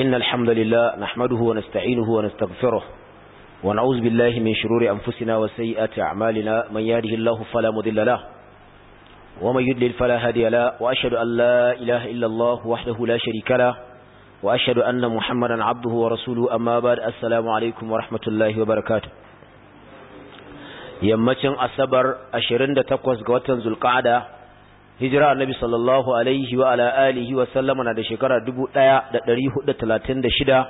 إن الحمد لله نحمده ونستعينه ونستغفره ونعوذ بالله من شرور أنفسنا وسيئات أعمالنا من يهده الله فلا مضل له ومن يدلل فلا هادي له وأشهد أن لا إله إلا الله وحده لا شريك له وأشهد أن محمدا عبده ورسوله أما بعد السلام عليكم ورحمة الله وبركاته yammacin asabar 28 ga watan zulqa'ada hijira annabi sallallahu alaihi wa ala alihi wa sallama na da shekara 1436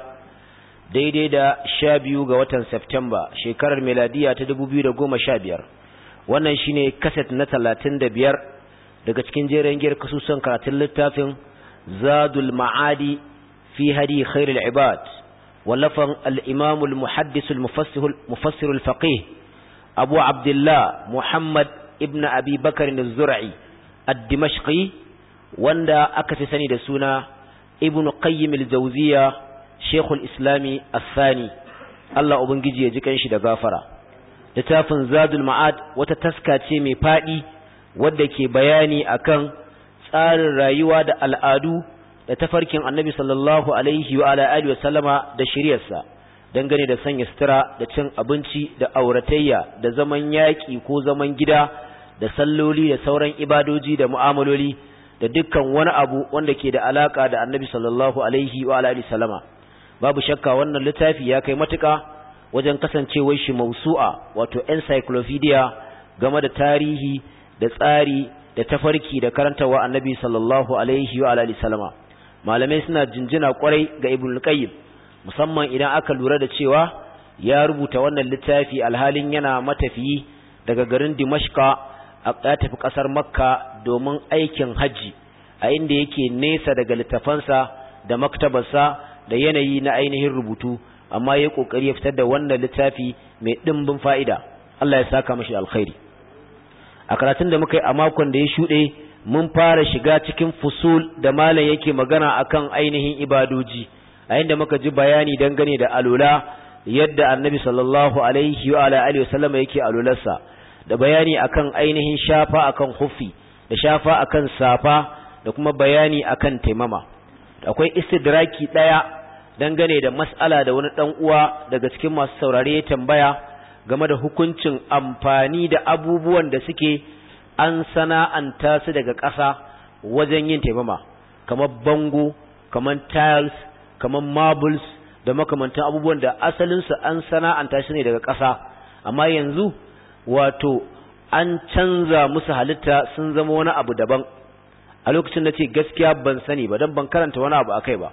daidai da 12 ga watan Septemba shekarar meladiya ta 2015 wannan shine kaset na 35 daga cikin jerin giyar kasusan karatun littafin Zadul Ma'adi fi hadi khairul ibad wallafan al-Imam al-Muhaddis al-Mufassir al-Faqih Abu Abdullah Muhammad ibn Abi Bakr az-Zur'i ad wanda aka fi sani da suna ibnu qayyim al-jawziya islami as-sani Allah ubangiji ya jikan kanshi da gafara littafin zadul wata taska ce mai faɗi, wadda ke bayani akan tsarin rayuwa da al'adu da tafarkin annabi sallallahu da shiryarsa, dangane da sanya sutura da cin abinci da auratayya da zaman yaƙi ko zaman gida da salloli da sauran ibadoji da mu'amaloli da dukkan wani abu wanda ke da alaka da annabi sallallahu alaihi wa alihi salama babu shakka wannan littafi ya kai matuka wajen kasancewar shi mausu'a wato encyclopedia game da tarihi da tsari da tafarki da karantawa annabi sallallahu alaihi wa alihi salama malamai suna jinjina kwarai ga ibnu qayyim musamman idan aka lura da cewa ya rubuta wannan littafi alhalin yana matafiyi daga garin dimashqa ya tafi ƙasar makka domin aikin hajji a inda yake nesa daga littafansa da maktabarsa da yanayi na ainihin rubutu amma ya ƙoƙari ya fitar da wannan littafi mai ɗimbin fa'ida Allah ya saka mashi alkhairi a karatun da muka yi a makon da ya shuɗe mun fara shiga cikin fusul da malam yake magana akan ainihin ibadoji a inda muka ji bayani dangane da alula yadda annabi sallallahu alaihi wa alihi yake alularsa da bayani akan ainihin shafa akan hufi da shafa akan safa da kuma bayani akan taimama akwai istidraki daya dangane da mas'ala da wani dan uwa daga cikin masu saurare ya tambaya game da hukuncin amfani da abubuwan da suke an sana'anta su daga ƙasa wajen yin taimama kamar bango kamar tiles kamar marbles da makamantan abubuwan da asalinsu an sana'anta shi ne daga ƙasa amma yanzu wato an canza musu halitta sun zama wani abu daban a lokacin na ce gaskiya ban sani ba don ban karanta wani abu akai ba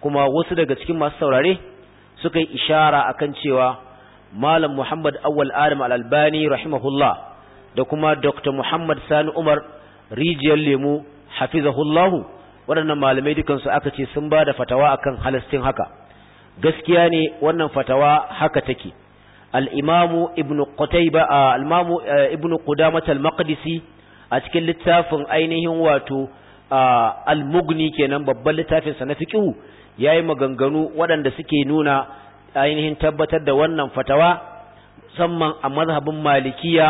kuma wasu daga cikin masu saurare suka yi ishara akan cewa malam muhammad awal adam alalbani albani rahimahullah da kuma dr muhammad sani umar rijiyar lemu hafizahullahu waɗannan malamai dukansu aka ce sun ba da fatawa akan halastin haka gaskiya ne wannan fatawa haka take al-imamu ibn qutayba al-imamu ibn a cikin littafin ainihin wato al mugni kenan babban littafin sa na ya yi maganganu waɗanda suke nuna ainihin tabbatar da wannan fatawa musamman a mazhabin malikiya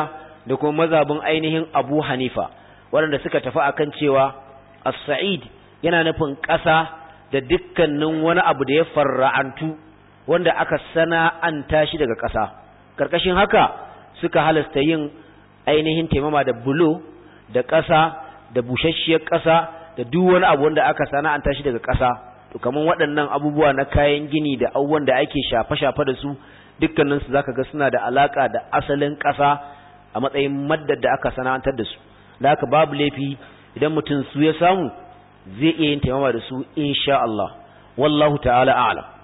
da kuma mazhabin ainihin abu hanifa waɗanda suka tafi akan cewa as-sa'id yana nufin ƙasa da dukkanin wani abu da ya farra'antu wanda aka sana'anta shi daga ƙasa ƙarƙashin haka suka halasta yin ainihin taimama da bulo da ƙasa da bushasshiyar ƙasa da duk wani abu wanda aka sana'anta shi daga ƙasa to kamar waɗannan abubuwa na kayan gini da abubuwan da ake shafa shafa da su dukkanin su zaka ga suna da alaƙa da asalin ƙasa a matsayin maddar da aka sana'antar da su da haka babu laifi idan mutum su ya samu zai iya yin taimama da su insha Allah wallahu ta'ala a'lam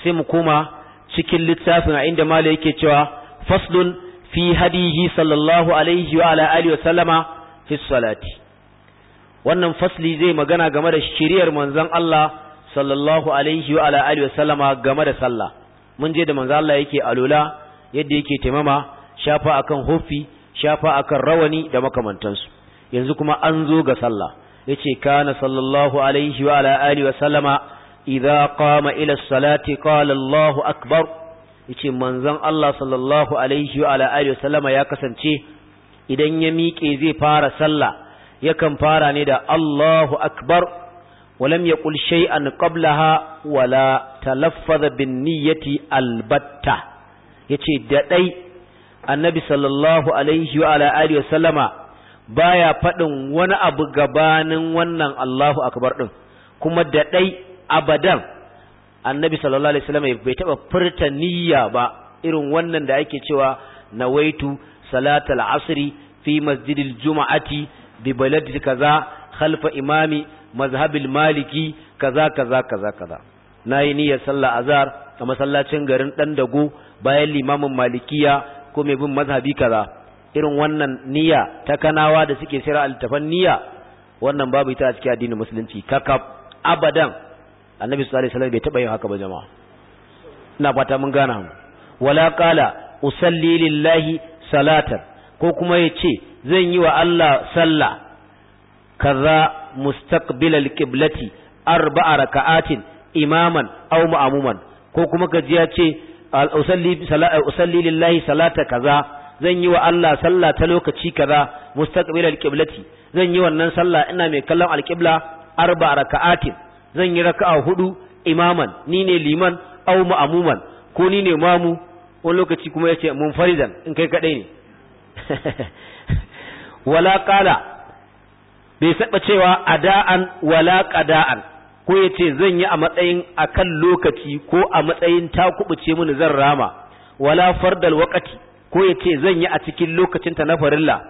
sai mu koma cikin littafin a inda mala yake cewa faslun fi hadihi sallallahu alaihi wa ala alihi wa sallama fi salati wannan fasli zai magana game da shiriyar manzon Allah sallallahu alaihi wa ala alihi wa sallama game da sallah mun je da manzon Allah yake alula yadda yake taimama shafa akan hofi, shafa akan rawani da makamantansu yanzu kuma an zo ga sallah yace kana sallallahu alaihi wa ala alihi wa sallama idza kama ila salati qala Allahu akbar manzon Allah sallallahu alaihi wa ala ya kasance idan ya miƙe zai fara sallah yakan fara ne da Allahu akbar walam yaqul shay'an qablaha wala talaffaz bin niyyati albatta yace daɗai dai annabi sallallahu alaihi wa baya faɗin wani abu gabanin wannan Allahu akbar ɗin. kuma da abadan annabi sallallahu alaihi wasallam bai taba furta niyya ba irin wannan da ake cewa nawaitu salatal asri fi masjidil juma'ati bi baladi kaza khalfa imami mazhabil maliki kaza kaza kaza kaza nayi niyyar sallah azhar a masallacin garin dan dago bayan limamin malikiya ko mai bin mazhabi kaza irin wannan niyya ta kanawa da suke sira altafan niyya wannan babu ita a cikin addinin musulunci kakab abadan annabi sallallahu alaihi wasallam bai taba yin haka ba jama'a ina fata mun gana wala qala usalli lillahi salatan ko kuma yace zan yi wa Allah salla, kaza mustaqbil alqiblati arba'a raka'atin imaman aw ma'muman ko kuma kaji ya ce usalli lillahi salata kaza zan yi wa Allah salla ta lokaci kaza mustaqbil alqiblati zan yi wannan salla, ina mai kallon alqibla arba'a raka'atin zan yi raka'a hudu imaman ni ne liman au ma'amuman ko ni ne mamu wani lokaci kuma yace munfaridan in kai kadai ne wala qala bai saba cewa ada'an wala qada'an ko ya zan yi a matsayin akan lokaci ko a matsayin ta kubuce mini zan rama wala fardal waqati ko yace zan yi a cikin lokacin ta na farilla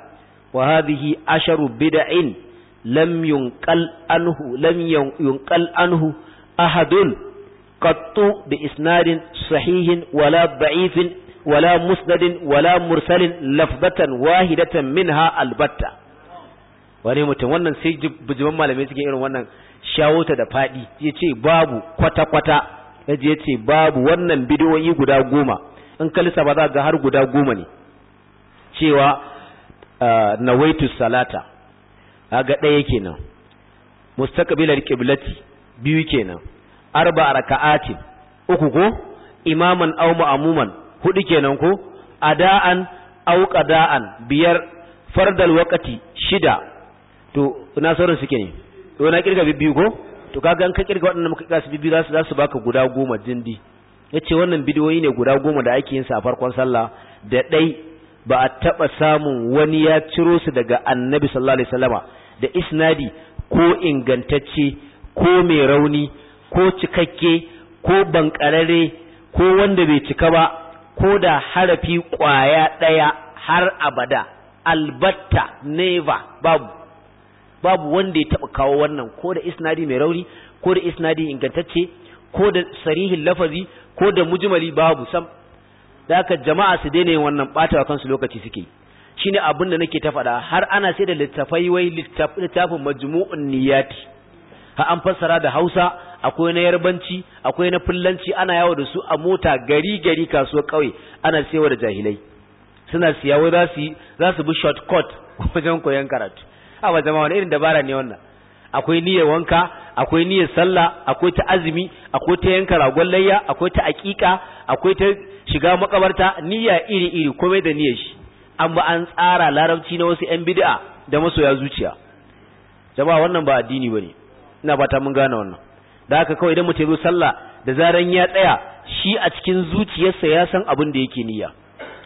wa hadhihi asharu bid'in لم ينقل anhu لم ينقل عنه ahadun قط da isnadin sahihin wala ولا wala musnadin wala mursalin واحدة wahidatan minha albarta. wani mutum wannan sai bujiman malamai suke irin wannan shawota da fadi yace babu kwata kwata yaje yace babu wannan bidiyoyi guda goma in ka ba za ga har guda goma ne cewa eh, nawaitu salata kaga ɗaya kenan mustaqbilal qiblati biyu kenan arba raka'atin uku ko imaman aw ma'muman hudu kenan ko ada'an aw qada'an biyar fardal waqti shida to ina sauran suke ne to na kirga biyu ko to kaga an ka kirga waɗannan muka kirga su biyu za su za su baka guda goma dindi yace wannan bidiyoyi ne guda goma da ake yin sa a farkon sallah da dai ba a taba samun wani ya ciro su daga annabi sallallahu alaihi wasallama da isnadi ko ingantacce ko mai rauni ko cikakke ko bankarare ko wanda bai cika ba ko da harafi ƙwaya ɗaya har abada albatta never babu babu wanda ya taɓa kawo wannan ko da isnadi mai rauni ko da isnadi ingantacce ko da sarihin lafazi ko da mujmali babu sam da haka jama'a su daina yin wannan wa kansu lokaci suke yi shine abin da nake ta faɗa har ana sai da littafai wai littafin majmu'un niyyati ha an fassara da Hausa akwai na Yarbanci akwai na Fullanci ana yawo da su a mota gari gari kasuwar kauye ana sayar da jahilai suna siya wai za su za bi shortcut wajen koyon karatu a ba jama'a wani irin dabara ne wannan akwai niyyar wanka akwai niyyar sallah akwai ta azumi akwai ta yanka ragon layya akwai ta aƙiƙa akwai ta shiga makabarta niyya iri iri komai da niyyar shi an ba an tsara larabci na wasu 'yan bid'a da masoya zuciya jama'a wannan ba addini bane ina ba ta mun gane wannan da haka kawai idan mutum zo sallah da zaran ya tsaya shi a cikin zuciyarsa ya san abin da yake niyya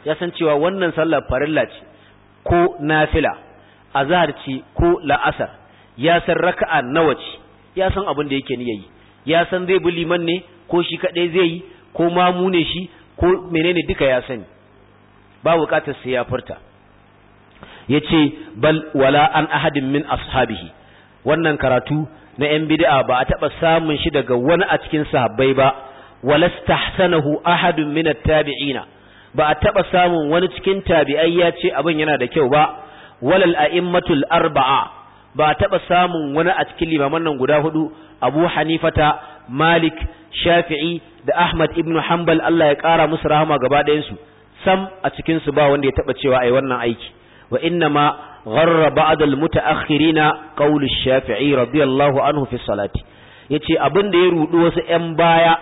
ya san cewa wannan sallah farilla ce ko nafila azhar ce ko la'asar ya san raka'a nawa ce ya san abin da yake niyya yi ya san zai bi liman ne ko shi kadai zai yi ko mamu ne shi ko menene duka ya sani ba bukatar sai ya furta yace bal wala an ahadin min ashabihi wannan karatu na yan bid'a ba a taba samun shi daga wani a cikin sahabbai ba walastahsanahu ahadun min at-tabi'ina ba a taba samun wani cikin tabi'ai ya ce abin yana da kyau ba walal a'immatul arba'a ba a taba samun wani a cikin limaman nan guda hudu Abu Hanifata Malik Shafi'i da Ahmad ibnu Hanbal Allah ya kara musu rahama gaba ɗayansu su sam a cikin su ba wanda ya taba cewa ai wannan aiki wa inna ma gharra ba'd al mutaakhirina qawl shafii radiyallahu anhu fi salati yace abin da ya rudu wasu ƴan baya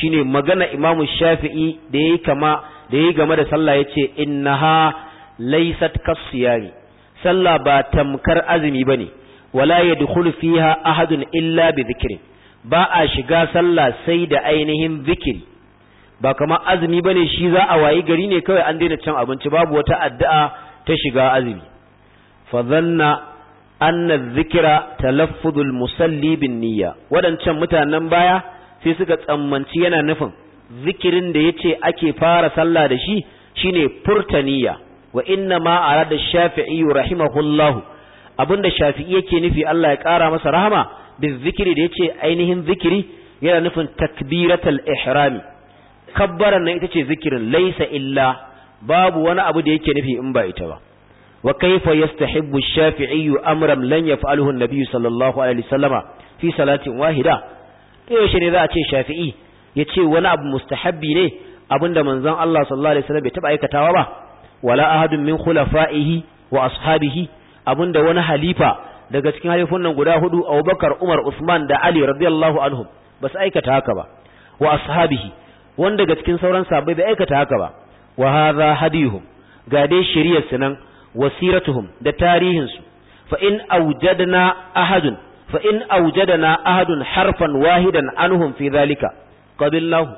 shine magana imamu shafi'i da yayi kama da yayi game da sallah yace innaha laysat kasiyari sallah ba tamkar azumi bane wala yadkhulu fiha ahadun illa bi dhikri ba a shiga sallah sai da ainihin zikiri ba kama azumi bane shi za a wayi gari ne kawai an daina cin abinci babu wata addu'a ta shiga azumi fa dhanna anna dhikra talaffuzul musalli bin niyya wadancan mutanen baya sai suka tsammanci yana nufin zikirin da yace ake fara sallah da shi shine furta niyya wa inna ma arada shafi'i rahimahullahu abinda shafi'i yake nufi Allah ya kara masa rahama bi zikiri da yace ainihin zikiri yana nufin takbiratul ihrami kabbaran nan ita ce zikirin laisa illa babu wani abu da yake nufi in ba ita ba wa kaifa yastahibbu ash-shafi'i amran lan yaf'aluhu an sallallahu alaihi wasallama fi salatin wahida eh shi ne za a ce shafi'i yace wani abu mustahabbi ne abinda manzon Allah sallallahu alaihi wasallam bai taba aikatawa ba wala ahadun min khulafa'ihi wa ashabihi abinda wani halifa daga cikin halifun nan guda hudu Abubakar Umar Usman da Ali radiyallahu anhum basu aikata haka ba wa ashabihi wanda daga cikin sauran sahabbai bai aikata haka ba wa hadha hadihum ga dai shari'ar su nan wasiratuhum da tarihin su fa in awjadna ahadun fa in awjadna ahadun harfan wahidan anhum fi dhalika Qabilahu,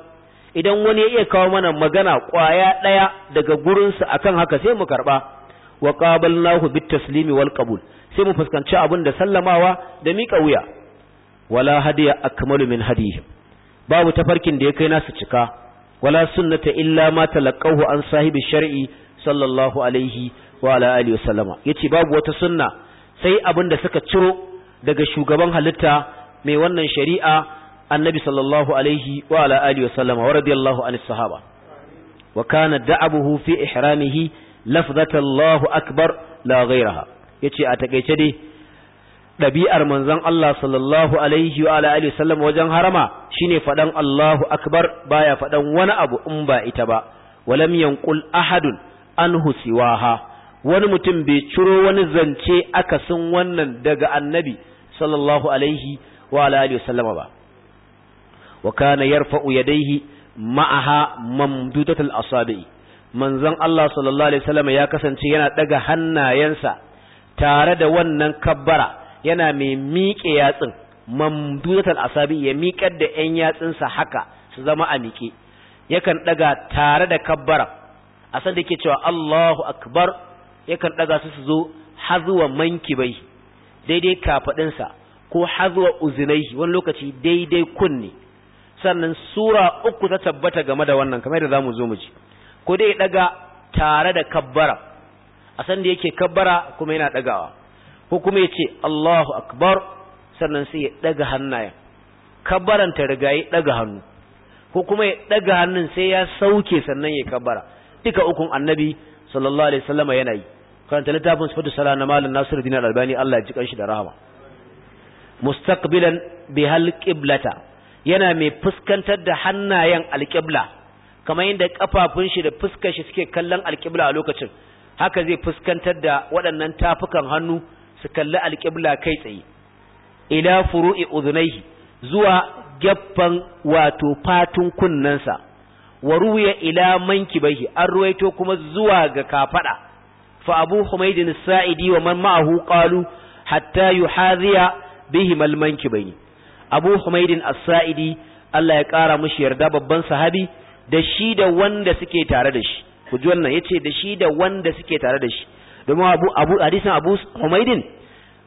idan wani ya iya kawo mana magana kwaya daya daga gurin su akan haka sai mu karba wa qabalnahu bit taslimi wal qabul sai mu fuskanci abin da sallamawa da miƙa wuya wala hadiya akmalu min hadihim babu tafarkin da ya kai nasu cika wala sunnata illa ma talaqahu an sahibi shar'i sallallahu alaihi wa ala alihi wasallama yace babu wata sunna sai abin da suka ciro daga shugaban halitta mai wannan shari'a annabi sallallahu alaihi wa ala alihi wasallama wa radiyallahu anis sahaba wa kana da'abuhu fi ihramihi lafzata Allahu akbar la ghayraha yace a takeice dai ɗabi'ar manzon Allah sallallahu alaihi wa alihi wajen harama shine faɗan Allahu akbar baya faɗan wani abu in ba ita ba walam yanqul ahadun anhu siwaha wani mutum bai ciro wani zance akasin wannan daga annabi sallallahu alaihi wa alihi sallam ba wa kana yarfa'u yadayhi ma'aha mamdudatul asabi manzon Allah sallallahu alaihi wasallam ya kasance yana daga hannayensa tare da wannan kabbara yana mai miƙe yatsin mamduzatal asabi ya miƙar da ƴan yatsinsa haka su zama a miƙe yakan daga tare da kabbara a san da ke cewa Allahu akbar yakan daga su su zo hazuwa mankibai daidai kafadinsa ko hazuwa uzunai wani lokaci daidai kunne sannan sura uku ta tabbata game da wannan kamar da zamu zo mu ji ko dai daga tare da kabbara a san da yake kabbara kuma yana dagawa ko kuma ya ce Allahu akbar sannan sai ya ɗaga hannayen kabbaranta riga ya ɗaga hannu ko kuma ya ɗaga hannun sai ya sauke sannan ya kabara duka ukun annabi sallallahu alaihi wasallam yana yi karanta littafin sifatu sala na malam Nasiru Al-Albani Allah ya ji kanshi da rahama mustaqbilan bihal qiblata yana mai fuskantar da hannayen alƙibla kamar yadda kafafun shi da fuskar shi suke kallon alƙibla a lokacin haka zai fuskantar da waɗannan tafukan hannu su kalli alƙibla kai tsaye ila furu'i udunaihi zuwa gaffan wato fatun kunnensa wa ruya ila mankibaihi an ruwaito kuma zuwa ga kafada fa abu humaydin sa'idi wa man ma'ahu qalu hatta yuhadhiya bihi mal mankibaini abu humaydin as-sa'idi Allah ya kara mushi yarda babban sahabi da shi da wanda suke tare da shi ku ji wannan yace da shi da wanda suke tare da shi domin abu abu hadisin abu humaidin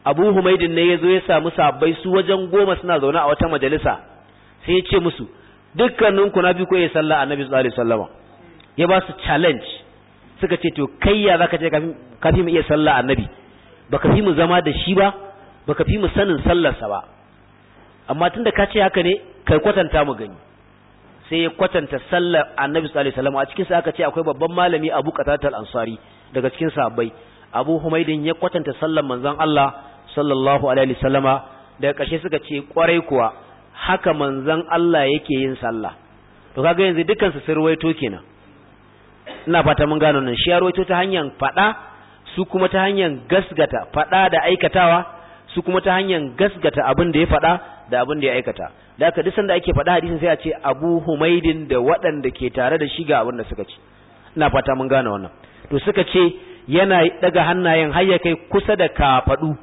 abu humaidin ne ya zo ya samu sabbai su wajen goma suna zaune a wata majalisa sai ya ce musu dukkaninku na bi ko ya sallah annabi sallallahu alaihi wasallam ya ba su challenge suka ce to kai ya zaka je ka fi mu iya sallah annabi baka fi mu zama da shi ba baka fi mu sanin sallarsa ba amma tunda ka ce haka ne kai kwatanta mu gani sai ya kwatanta sallar annabi sallallahu alaihi wasallam a cikin sa aka ce akwai babban malami Abu Qatatal Ansari daga cikin sahabbai Abu Humaydin ya kwatanta sallar manzon Allah sallallahu alaihi wasallama daga ƙarshe suka ce kwarai kuwa haka manzon Allah yake yin sallah to kaga yanzu dukkan su sirwaito kenan ina fata mun gano nan shi ya ta hanyar fada su kuma ta hanyar gasgata fada da aikatawa su kuma ta hanyar gasgata abin da ya fada da abin da ya aikata da haka duk sanda ake fada hadisin sai a ce Abu Humaydin da waɗanda ke tare da shi ga abin da suka ci ina fata mun gane wannan to suka ce yana daga hannayen har ya kai kusa da kafadu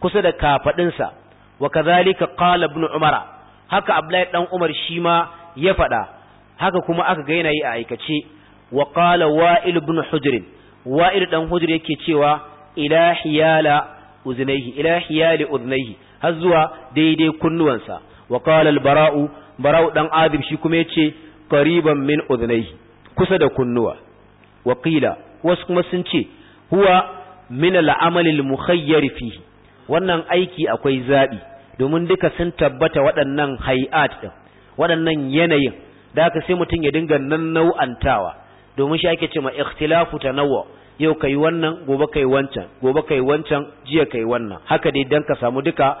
kusa da kafadinsa wa kadhalika qala ibn umara haka abdullahi dan umar shi ma ya faɗa haka kuma aka ga yana yi a aikace wa qala wa'il ibn hujr wa'il dan hujr yake cewa ila hiyala uznaihi ila hiyali uznaihi har zuwa daidai kunnuwansa wa qala al bara'u bara'u dan adib shi kuma yace qariban min uznaihi kusa da kunnuwa wa qila wasu kuma sun ce huwa min al'amali al wannan aiki akwai zaɓi domin duka sun tabbata waɗannan hay'at din waɗannan yanayin da aka sai mutum ya dinga nan nau'antawa domin shi ake cewa ikhtilafu tanawwu yau kai wannan gobe kai wancan gobe kai wancan jiya kai wannan haka dai dan ka samu duka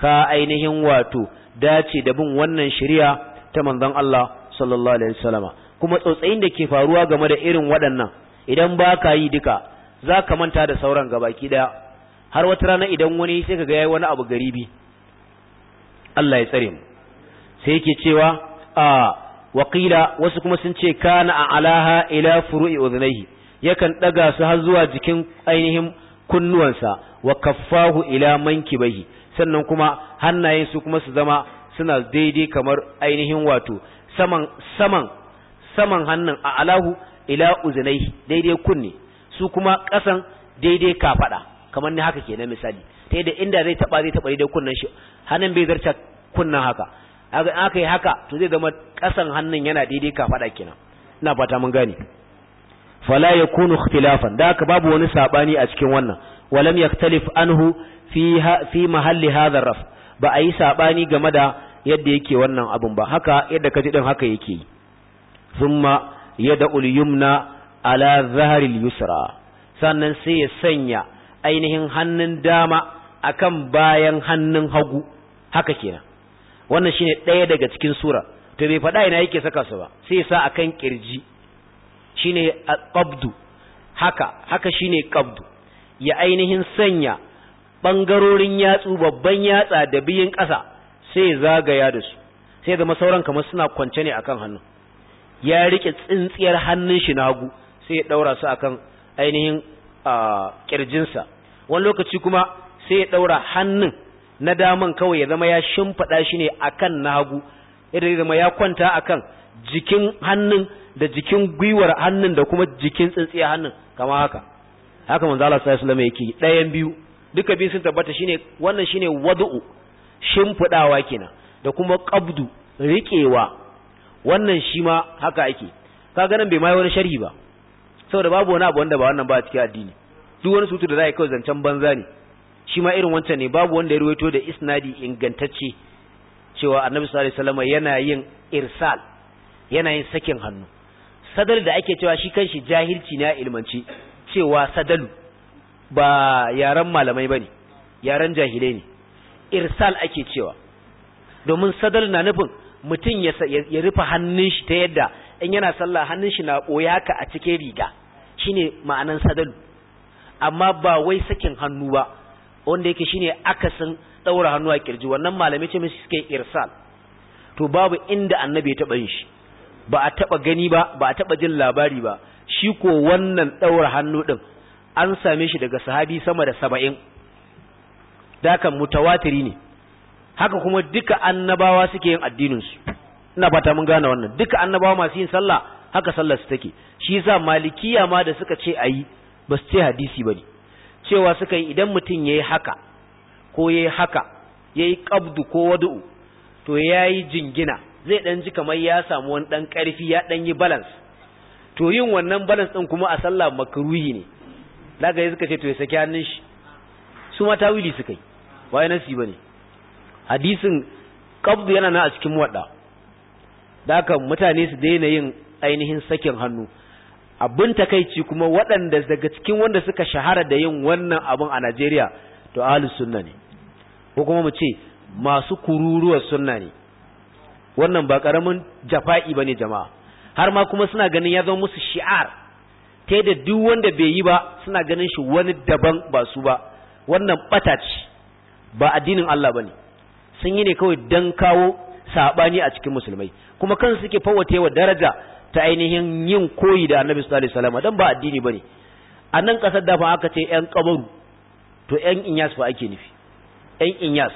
ka ainihin wato dace da bin wannan shari'a ta manzon Allah sallallahu alaihi wasallama kuma tsautsayin da ke faruwa game da irin waɗannan idan ba ka yi duka za ka manta da sauran gabaki daya har wata rana idan wani sai ka ga yayi wani abu garibi Allah ya tsare mu sai yake cewa a waqila wasu kuma sun ce kana alaha ila furu'i udhnayhi yakan daga su har zuwa jikin ainihin kunnuwansa wa kaffahu ila mankibaihi sannan kuma hannayen su kuma su zama suna daidai kamar ainihin wato saman saman saman hannun a alahu ila uzinai daidai kunne su kuma kasan daidai kafaɗa kamar ni haka kenan misali ta yadda inda zai taɓa zai taɓa daidai kunnen shi hannun bai zarta kunnan haka in aka yi haka to zai zama kasan hannun yana daidai kafada kenan ina fata mun gane fala yakunu ikhtilafan da haka babu wani sabani a cikin wannan walam yaktalif anhu fi fi mahalli hadha raf ba a yi sabani game da yadda yake wannan abun ba haka yadda ka ji din haka yake yi thumma yada'ul yumna ala zaharil yusra sannan sai ya sanya ainihin hannun dama akan bayan hannun hagu haka kenan wannan shine ɗaya daga cikin sura to bai faɗa ina yake saka su ba sai sa akan kirji shine qabdu haka haka shine qabdu ya ainihin sanya bangarorin yatsu babban yatsa da biyin ƙasa sai zagaya da su sai zama sauran kamar suna kwance ne akan hannu ya rike tsintsiyar hannun shi na hagu sai ya daura su akan ainihin kirjinsa wani lokaci kuma sai ya daura hannun na daman kawai ya zama ya shimfiɗa shi ne akan na hagu ya zama ya kwanta akan jikin hannun da jikin gwiwar hannun da kuma jikin tsintsiya hannun kama haka haka manzo Allah sallallahu alaihi wasallam yake ɗayan biyu duka biyu sun tabbata shine wannan shine wadu shimfidawa kenan da kuma qabdu riƙewa wannan shi ma haka ake ga nan bai mai wani sharhi ba saboda babu wani abu wanda ba wannan ba a cikin addini duk wani sutu da za a yi kawai zancen banza ne shi ma irin wancan ne babu wanda ya ruwaito da isnadi ingantacce cewa annabi sallallahu alaihi wasallam yana yin irsal yana yin sakin hannu sadal da ake cewa shi kanshi jahilci ne a ilmanci cewa sadalu ba yaran malamai bane yaran jahilai ne irsal ake cewa domin sadal na nufin mutum ya rufe hannun shi ta yadda in yana sallah hannun shi na ɓoya ka a cikin riga shine ma'anan sadalu amma ba wai sakin hannu ba wanda yake shine akasin ɗaura hannu a kirji wannan malamai ce mai suke irsal to babu inda annabi ya taɓa yin shi ba a taɓa gani ba ba a taɓa jin labari ba shi ko wannan ɗaura hannu ɗin an same shi daga sahabi sama da saba'in dakan mutawatiri ne haka kuma duka annabawa suke yin addinin su ina fata mun gane wannan duka annabawa masu yin sallah haka sallar su take shi yasa malikiya ma da suka ce ayi ba su ce hadisi bane cewa suka yi idan mutum yayi haka ko yayi haka yayi qabdu ko wadu to yayi jingina zai dan ji kamar ya samu wani dan karfi ya dan yi balance to yin wannan balance din kuma a sallah makruhi ne daga suka ce to ya saki hannun shi su ma tawili suka yi ba yana bane hadisin Kabdu yana nan a cikin wadda daka mutane su daina yin ainihin sakin hannu abin takaici kuma waɗanda daga cikin wanda suka shahara da yin wannan abin a Najeriya to ahlus sunna ne ko kuma mu ce masu kururuwar sunna ne wannan ba karamin jafa'i bane jama'a har ma kuma suna ganin ya zama musu shi'ar ta da duk wanda bai yi ba suna ganin shi wani daban ba su ba wannan ɓata ce ba addinin Allah ba ne. sun yi ne kawai don kawo saɓani a cikin musulmai kuma kan suke fawwace wa daraja ta ainihin yin koyi da annabi sallallahu alaihi wasallam dan ba addini bane a nan kasar da fa aka ce yan kabaru to yan inyas fa ake nufi yan inyas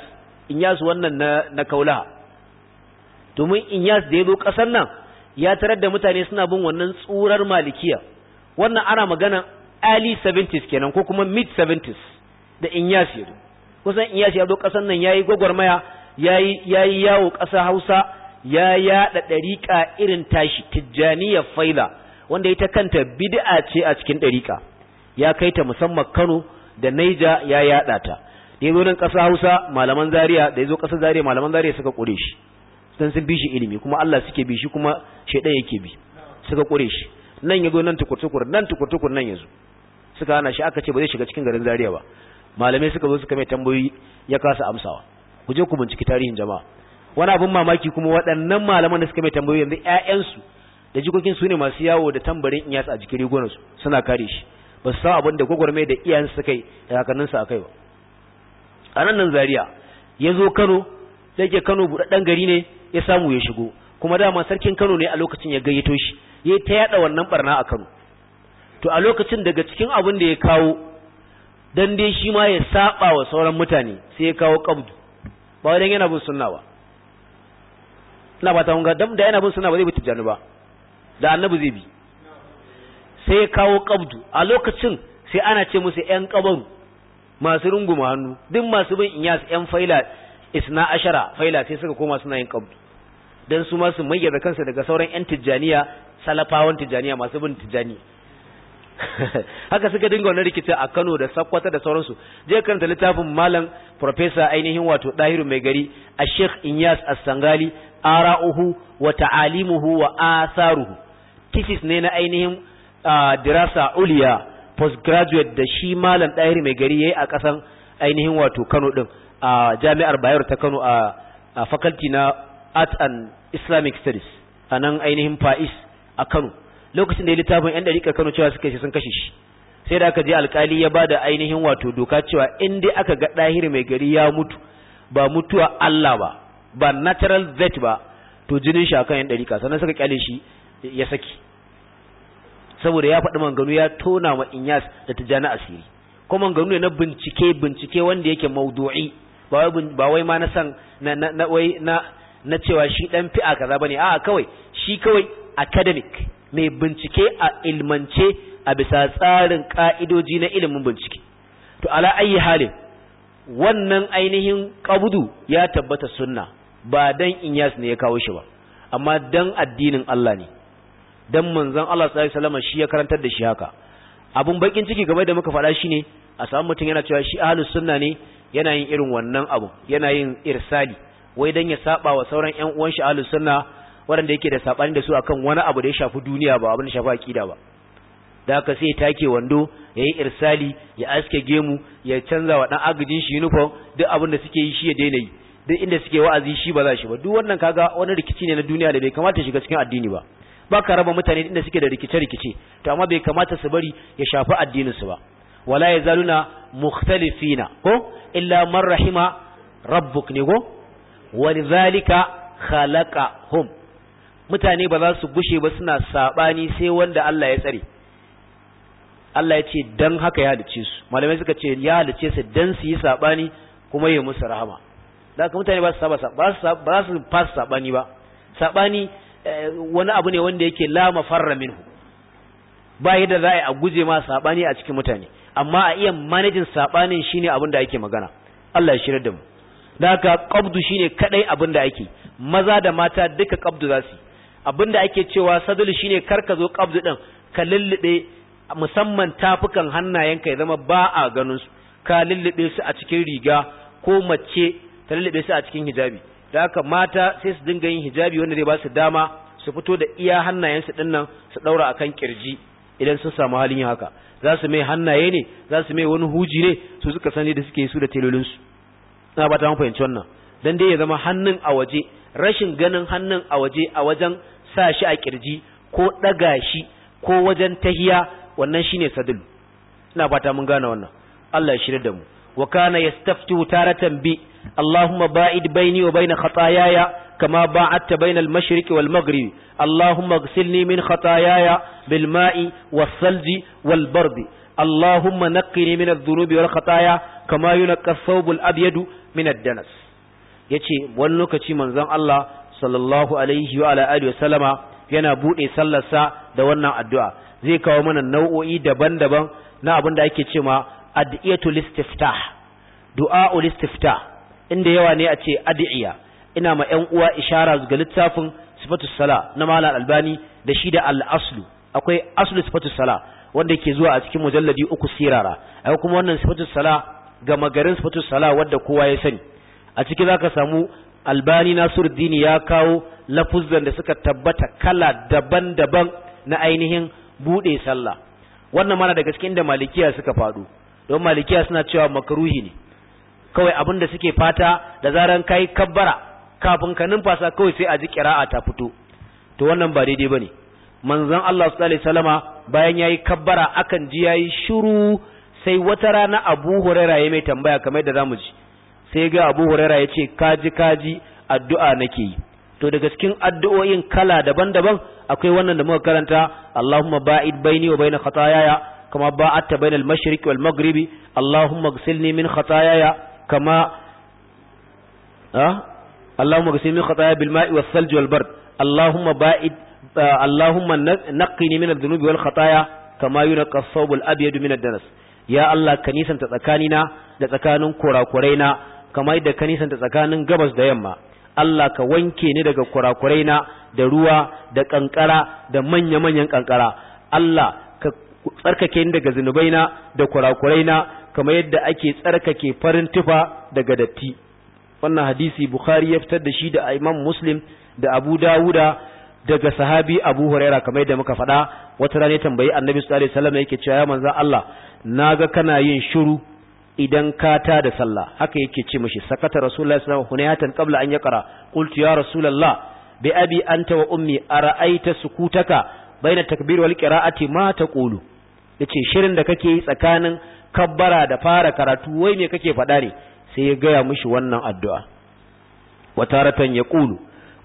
inyas wannan na na kaulaha domin inyas da ya zo kasar nan ya tarar da mutane suna bin wannan tsurar malikiya wannan ana magana early 70s kenan ko kuma mid 70s da inyas ya zo kusan iyashi ya zo kasan nan yayi gwagwarmaya yayi yayi yawo ƙasa Hausa ya yaɗa ɗariƙa irin tashi tijaniya faida wanda ita kanta bid'a ce a cikin ɗariƙa ya kai ta musamman Kano da Naija ya yaɗa ta da yazo nan ƙasa Hausa malaman Zaria da yazo kasa Zaria malaman Zaria suka kore shi dan sun bi shi ilimi kuma Allah suke bi shi kuma shedan yake bi suka kore shi nan yazo nan tukurtukur nan tukurtukur nan yazo suka hana shi aka ce ba zai shiga cikin garin Zaria ba malamai suka zo suka mai tambayoyi ya kasa amsawa ku je ku binciki tarihin jama'a wani abin mamaki kuma waɗannan malaman da suka mai tambayoyi yanzu ƴaƴansu da jikokin su ne masu yawo da tambarin iyas a jikin su suna kare shi ba su san abin da gwagwarmai da iyayen su kai da su a kai ba a nan nan zaria ya zo kano da yake kano buɗaɗɗen gari ne ya samu ya shigo kuma dama sarkin kano ne a lokacin ya gayyato shi ya ta yaɗa wannan barna a kano to a lokacin daga cikin abin da ya kawo dan dai shi ma ya saba wa sauran mutane sai ya kawo kabdu ba wai dan yana bin sunna ba na ba ta hunga dan da yana bin sunna ba zai bi tijani ba da annabi zai bi sai ya kawo kabdu a lokacin sai ana ce musu yan kabaru masu runguma hannu duk masu bin inyas yan faila isna ashara faila sai suka koma suna yin kabdu dan su ma su mayyaza kansa daga sauran yan tijjaniya salafawan tijjaniya masu bin tijaniya haka suka dinga wani rikici a Kano da Sokoto da sauransu je karanta littafin malam professor ainihin wato Dahiru mai gari a Sheikh Inyas As-Sangali ara'uhu wa ta'alimuhu wa asaruhu. thesis ne na ainihin dirasa uliya postgraduate da shi malam Dahiru mai gari yayi a kasan ainihin wato Kano din a Jami'ar Bayero ta Kano a faculty na Art and Islamic Studies anan ainihin Faiz a Kano lokacin da ya littafin yan dariƙa Kano cewa suka yi sun kashe shi sai da aka je alkali ya bada ainihin wato doka cewa in dai aka ga ɗahiri mai gari ya mutu ba mutuwa Allah ba ba natural death ba to jinin shi akan yan dariƙa sannan suka kyale shi ya saki saboda ya faɗi manganu ya tona ma inyas da ta tijani asiri ko manganu ne na bincike bincike wanda yake maudu'i ba wai ma na san na cewa shi dan fi'a kaza bane a'a kawai shi kawai academic mai bincike a ilmance a bisa tsarin ka'idoji na ilimin bincike to ala ayi halin wannan ainihin kabudu ya tabbata sunna ba dan inyas ne ya kawo shi ba amma dan addinin Allah ne dan manzon Allah sallallahu alaihi shi ya karantar da shi haka abun bakin ciki game da muka faɗa shi ne a samu mutum yana cewa shi ahlus sunna ne yana yin irin wannan abu yana yin irsali wai dan ya saba wa sauran ƴan uwan shi ahlus sunna waɗanda yake da sabani da su akan wani abu da ya shafi duniya ba abin da shafi akida ba da ka sai take wando ya yi irsali ya aske gemu ya canza wa ɗan agajin shi uniform duk abin da suke yi shi ya daina yi duk inda suke wa'azi shi ba za shi ba duk wannan kaga wani rikici ne na duniya da bai kamata shiga cikin addini ba ba ka raba mutane inda suke da rikice-rikice to amma bai kamata su bari ya shafi addinin su ba wala yazaluna mukhtalifina ko illa man rahima rabbuk ne ko walidhalika khalaqahum mutane ba za su gushe ba suna saɓani sai wanda Allah ya tsare Allah ya ce don haka ya halice su malamai suka ce ya halice su don su yi saɓani kuma yi musu rahama da haka mutane ba su ba su fasa saɓani ba saɓani eh, wani abu ne wanda yake la mafarra minhu ba yadda za a guje ma saɓani a cikin mutane amma a iya manajin saɓanin shine abin da ake magana Allah ya shirar da mu da haka qabdu shine kadai abin da ake maza da mata duka qabdu za su yi abin da ake cewa sadulu shine kar ka zo qabdu din ka lullube musamman tafukan hannayenka ya zama ba a ganin su ka lullube su a cikin riga ko mace ta lullube su a cikin hijabi da haka mata sai su dinga yin hijabi wanda zai ba su dama su fito da iya hannayensu din nan su daura akan kirji idan sun samu halin yin haka za su mai hannaye ne za su mai wani huji ne su suka sani da suke su da telolin su na ba ta fahimci wannan dan dai ya zama hannun a waje rashin ganin hannun a waje a wajen sa shi a kirji ko ɗaga shi ko wajen tahiya wannan shine sadul ina fata mun gane wannan Allah ya shirya da mu wa kana yastaftu taratan bi Allahumma ba'id baini wa baina khataayaya kama ba'adta baina al-mashriq wal maghrib Allahumma ighsilni min khataayaya bil ma'i was salji wal bard Allahumma naqqini min adh-dhunubi wal khataaya kama yunqqa ath-thawb al min ad-danas Ya ce wani lokaci manzon Allah sallallahu alaihi wa ala alihi wasallama yana bude sallarsa da wannan addu'a zai kawo mana nau'o'i daban-daban na abin da ake cewa ad'iyatul istiftah du'aul istiftah inda yawa ne a ce ad'iya ina ma ƴan uwa ishara ga littafin sifatu sala na malam albani da shi da al-aslu akwai aslu sifatu sala wanda ke zuwa a cikin mujalladi uku sirara akwai kuma wannan sifatu sala ga magarin sifatu sala wanda kowa ya sani a ciki zaka samu albani nasiruddin ya kawo lafuzzan da suka tabbata kala daban-daban na ainihin bude sallah wannan mana daga cikin da malikiya suka fado don malikiya suna cewa makaruhi ne kawai abin da suke fata da zaran kai kabbara kafin ka numfasa kawai sai a ji kira'a ta fito to wannan ba daidai bane manzon Allah sallallahu alaihi wasallama bayan yayi kabbara akan ji yayi shiru sai wata rana Abu Hurairah ya mai tambaya kamar da zamu ji sai ga abu huraira ya ce kaji kaji addu'a nake yi to daga cikin addu'o'in kala daban-daban akwai wannan da muka karanta Allahumma ba'id baini wa baina khataayaya kama ba'atta baina al-mashriqi wal maghribi Allahumma ghsilni min khataayaya kama ah اللهم اغسلني من خطاياي بالماء والثلج والبرد اللهم بائد اللهم نقني من الذنوب والخطايا كما ينقى الثوب الابيض من الدنس يا الله ta tsakanina da tsakanin kurakuraina kamar da ka nisanta tsakanin gabas da yamma Allah ka wanke ni daga kurakurai na da ruwa da kankara da manya-manyan kankara Allah ka tsarkake ni daga zunubai na da kurakurai na kamar yadda ake tsarkake farin tufa daga datti wannan hadisi Bukhari ya fitar da shi da Imam Muslim da Abu Dawuda daga sahabi Abu Huraira kamar yadda muka faɗa wata rana ya tambayi Annabi sallallahu alaihi wasallam yake cewa ya manzo Allah naga kana yin shiru idan ka ta da sallah haka yake ce mishi sakata rasulullahi sallallahu alaihi wasallam hunayatan qabla an yaqra qultu ya rasulullah bi abi anta wa ummi ara'aita sukutaka baina takbir wal qira'ati ma taqulu yace shirin da kake yi tsakanin kabbara da fara karatu wai me kake faɗa ne sai ya gaya mishi wannan addu'a wa taratan yaqulu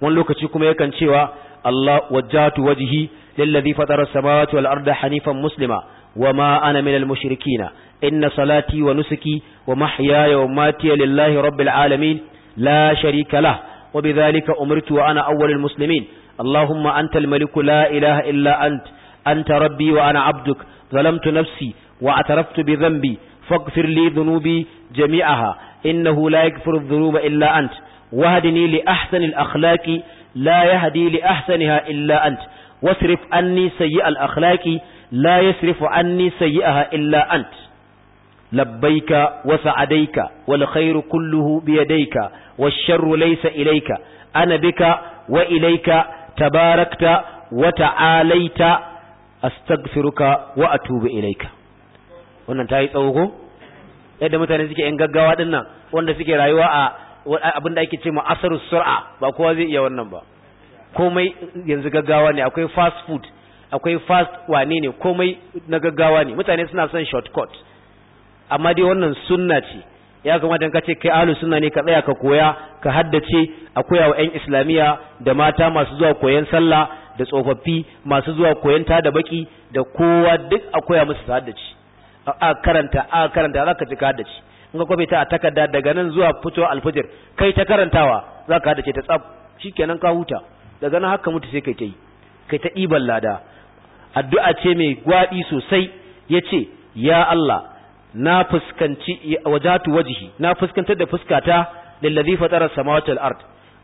wani lokaci kuma yakan cewa Allah wajjatu wajhi lillazi fatara samawati wal arda hanifan muslima wa ma ana minal mushrikina inna salati wa nusuki wa mahyaya wa matiya lillahi rabbil alamin la sharika lah wa bidhalika umirtu wa ana awwalul muslimin allahumma antal maliku la ilaha illa ant anta rabbi wa ana abduk zalamtu nafsi wa ataraftu bi dhanbi faghfir li dhunubi jami'aha innahu la yaghfiru dhunuba illa ant wahdini li ahsanil akhlaqi la yahdi li ahsaniha illa ant wasrif anni sayyi'al akhlaqi لا يسرف عني سيئها إلا أنت labbaika wa sa'adaika wal khairu kulluhu bi yadayka wash sharru laysa ilayka ana bika wa ilayka tabarakta wa ta'alaita astaghfiruka wa atubu ilayka wannan tayi tsawo ko yadda mutane suke yan gaggawa dinnan wanda suke rayuwa a abinda da ake ce ma asarus sur'a ba kowa zai iya wannan ba komai yanzu gaggawa ne akwai fast food akwai fast wane ne komai na gaggawa ne mutane suna son shortcut amma dai wannan sunna ce ya kamata in ka kai ahlus sunna ne ka tsaya ka koya ka haddace a koya wa ƴan islamiya da mata masu zuwa koyan sallah da tsofaffi masu zuwa koyan ta da baki da kowa duk a koya musu haddace a karanta a karanta zaka ji ka haddace in ka kwabe ta a takarda daga nan zuwa fito alfajir kai ta karantawa zaka haddace ta tsaf shikenan ka huta daga nan haka mutu sai kai ta yi kai ta ɗiban lada addu'a ce mai gwaɗi sosai yace ya Allah na fuskanci wajatu wajhi na fuskantar da fuskata lillazi fatara samawati wal ard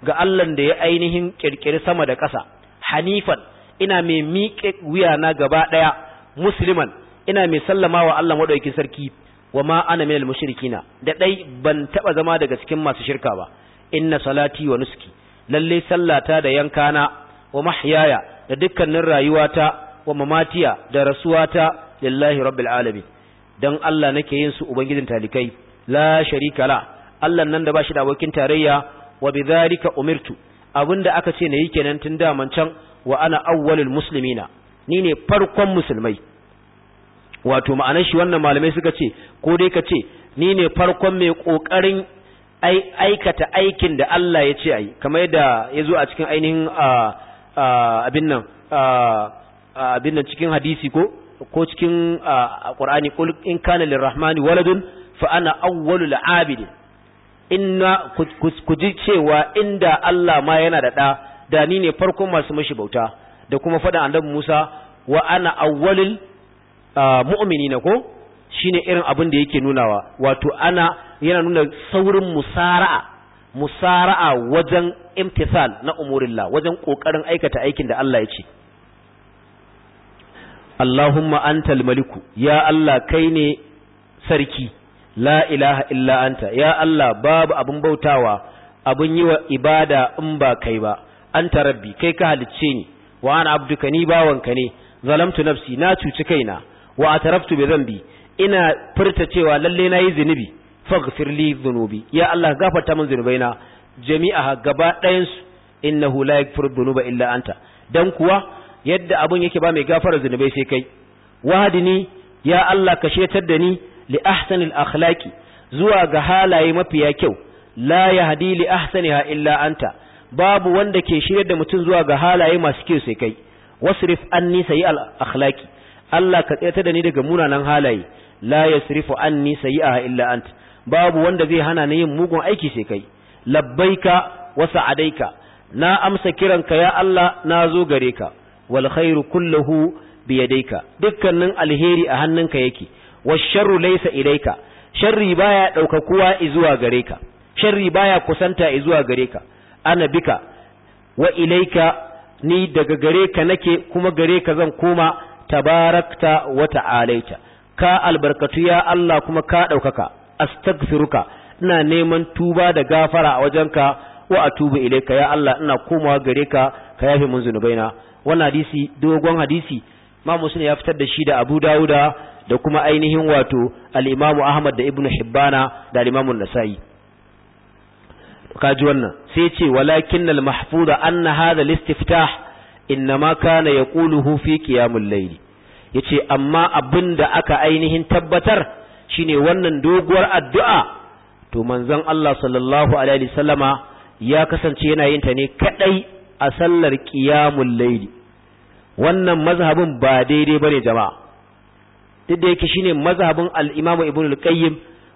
ga Allah da ya ainihin kirkiri sama da ƙasa hanifan ina mai miƙe wuya na gaba daya musliman ina mai sallama wa Allah madaukakin sarki wa ma ana minal mushrikina da dai ban taba zama daga cikin masu shirka ba inna salati wa nuski lalle sallata da yankana wa mahyaya da dukkanin rayuwata wa mamatiya da rasuwata lillahi rabbil alamin dan Allah nake yin su ubangijin talikai la sharika la Allah nan da ba shi da abokin tarayya wa bidhalika umirtu abinda aka ce nayi kenan tun daman can wa ana awwalul muslimina ni ne farkon musulmai wato ma'anar shi wannan malamai suka ce ko dai ka ce ni ne farkon mai kokarin aikata aikin da Allah ya ce yi kamar yadda ya zo a cikin ainihin abin nan abin nan cikin hadisi ko ko cikin qur'ani qul in kana lirrahmani waladun fa ana awwalul abidin inna ku ji cewa inda Allah ma yana da da da ni ne farkon masu mashi bauta da kuma faɗin annabi Musa wa ana awwalul mu'minina ko shine irin abin da yake nunawa wato ana yana nuna saurin musara'a musara'a wajen imtisal na umurillah wajen kokarin aikata aikin da Allah ya ce Allahumma antal maliku ya Allah kai ne sarki la ilaha illa anta ya Allah babu abin bautawa abin yi wa ibada in ba kai ba anta rabbi kai ka halicce ni wa ana abduka ni bawanka ne zalamtu nafsi na cuci kaina wa zan bi dhanbi ina furta cewa lalle yi zinubi faghfir li dhunubi ya Allah gafarta min zunubaina jami'a gaba ɗayan su innahu la yaghfiru dhunuba illa anta dan kuwa yadda abun yake ba mai gafara zunubai sai kai wahadini ya Allah ka shetar da ni li ahsanil akhlaqi zuwa ga halaye mafiya kyau la yahdi li ahsaniha illa anta babu wanda ke shiryar da mutum zuwa ga halaye masu kyau sai kai wasrif anni sayi al akhlaqi Allah ka tsayar da ni daga munanan halaye la yasrifu anni sayi'aha illa anta babu wanda zai hana ni yin mugun aiki sai kai labbaika wa sa'adaika na amsa kiranka ya Allah na zo gare ka wal khairu kulluhu biyadaika dukkanin alheri a hannunka yake washarru laysa ilaika sharri baya daukakuwa zuwa gare ka sharri baya kusanta zuwa gare ka ana bika wa ilaika ni daga gare ka nake kuma gare ka zan koma tabarakta wa ta'alaita ka albarkatu ya Allah kuma ka daukaka astaghfiruka ina neman tuba da gafara a wajenka wa atubu ilaika ya Allah ina komawa gare ka ka yafe mun zunubaina wannan hadisi dogon hadisi ma muslim ya fitar da shi da abu dawuda da kuma ainihin wato al ahmad da Ibn hibbana da al-imamu nasa'i kaji wannan sai ce walakin al-mahfuz anna hadha al-istiftah innama kana yaquluhu fi qiyamul layl yace amma abinda aka ainihin tabbatar shine wannan doguwar addu'a to manzon Allah sallallahu alaihi wasallama ya kasance yana yin ta ne kadai a sallar qiyamul layli wannan mazhabin ba daidai bane jama'a duk da yake shine mazhabin al-Imam Ibn al-Qayyim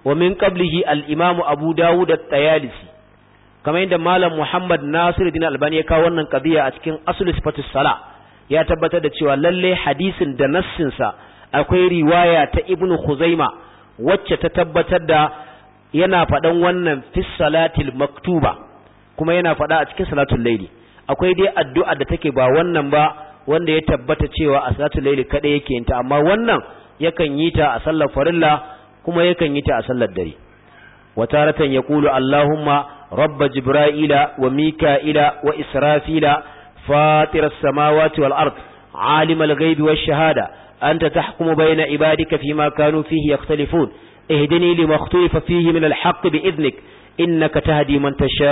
wa min qablihi al-Imam Abu Dawud at-Tayalisi kamar yadda Malam Muhammad Nasiruddin Albani ya kawo wannan qadiya a cikin Aslu Sifatus Sala ya tabbatar da cewa lalle hadisin da nassin sa akwai riwaya ta Ibn Khuzaima wacce ta tabbatar da yana faɗan wannan fi salatil maktuba kuma yana faɗa a cikin salatul layli akwai dai addu'a da take ba wannan ba wanda ya tabbata cewa a salatul laili kada yake yin ta amma wannan yakan yi ta a sallar farilla kuma yakan yi ta a sallar dare wataratan yaqulu allahumma rabb jibra'ila wa mika'ila wa israfila fatir as-samawati wal ard alim al-ghaibi wash shahada anta tahkumu bayna ibadika fima kanu fihi yakhtalifun ihdini lima ikhtalafa fihi min al-haqq bi idnik innaka tahdi man tasha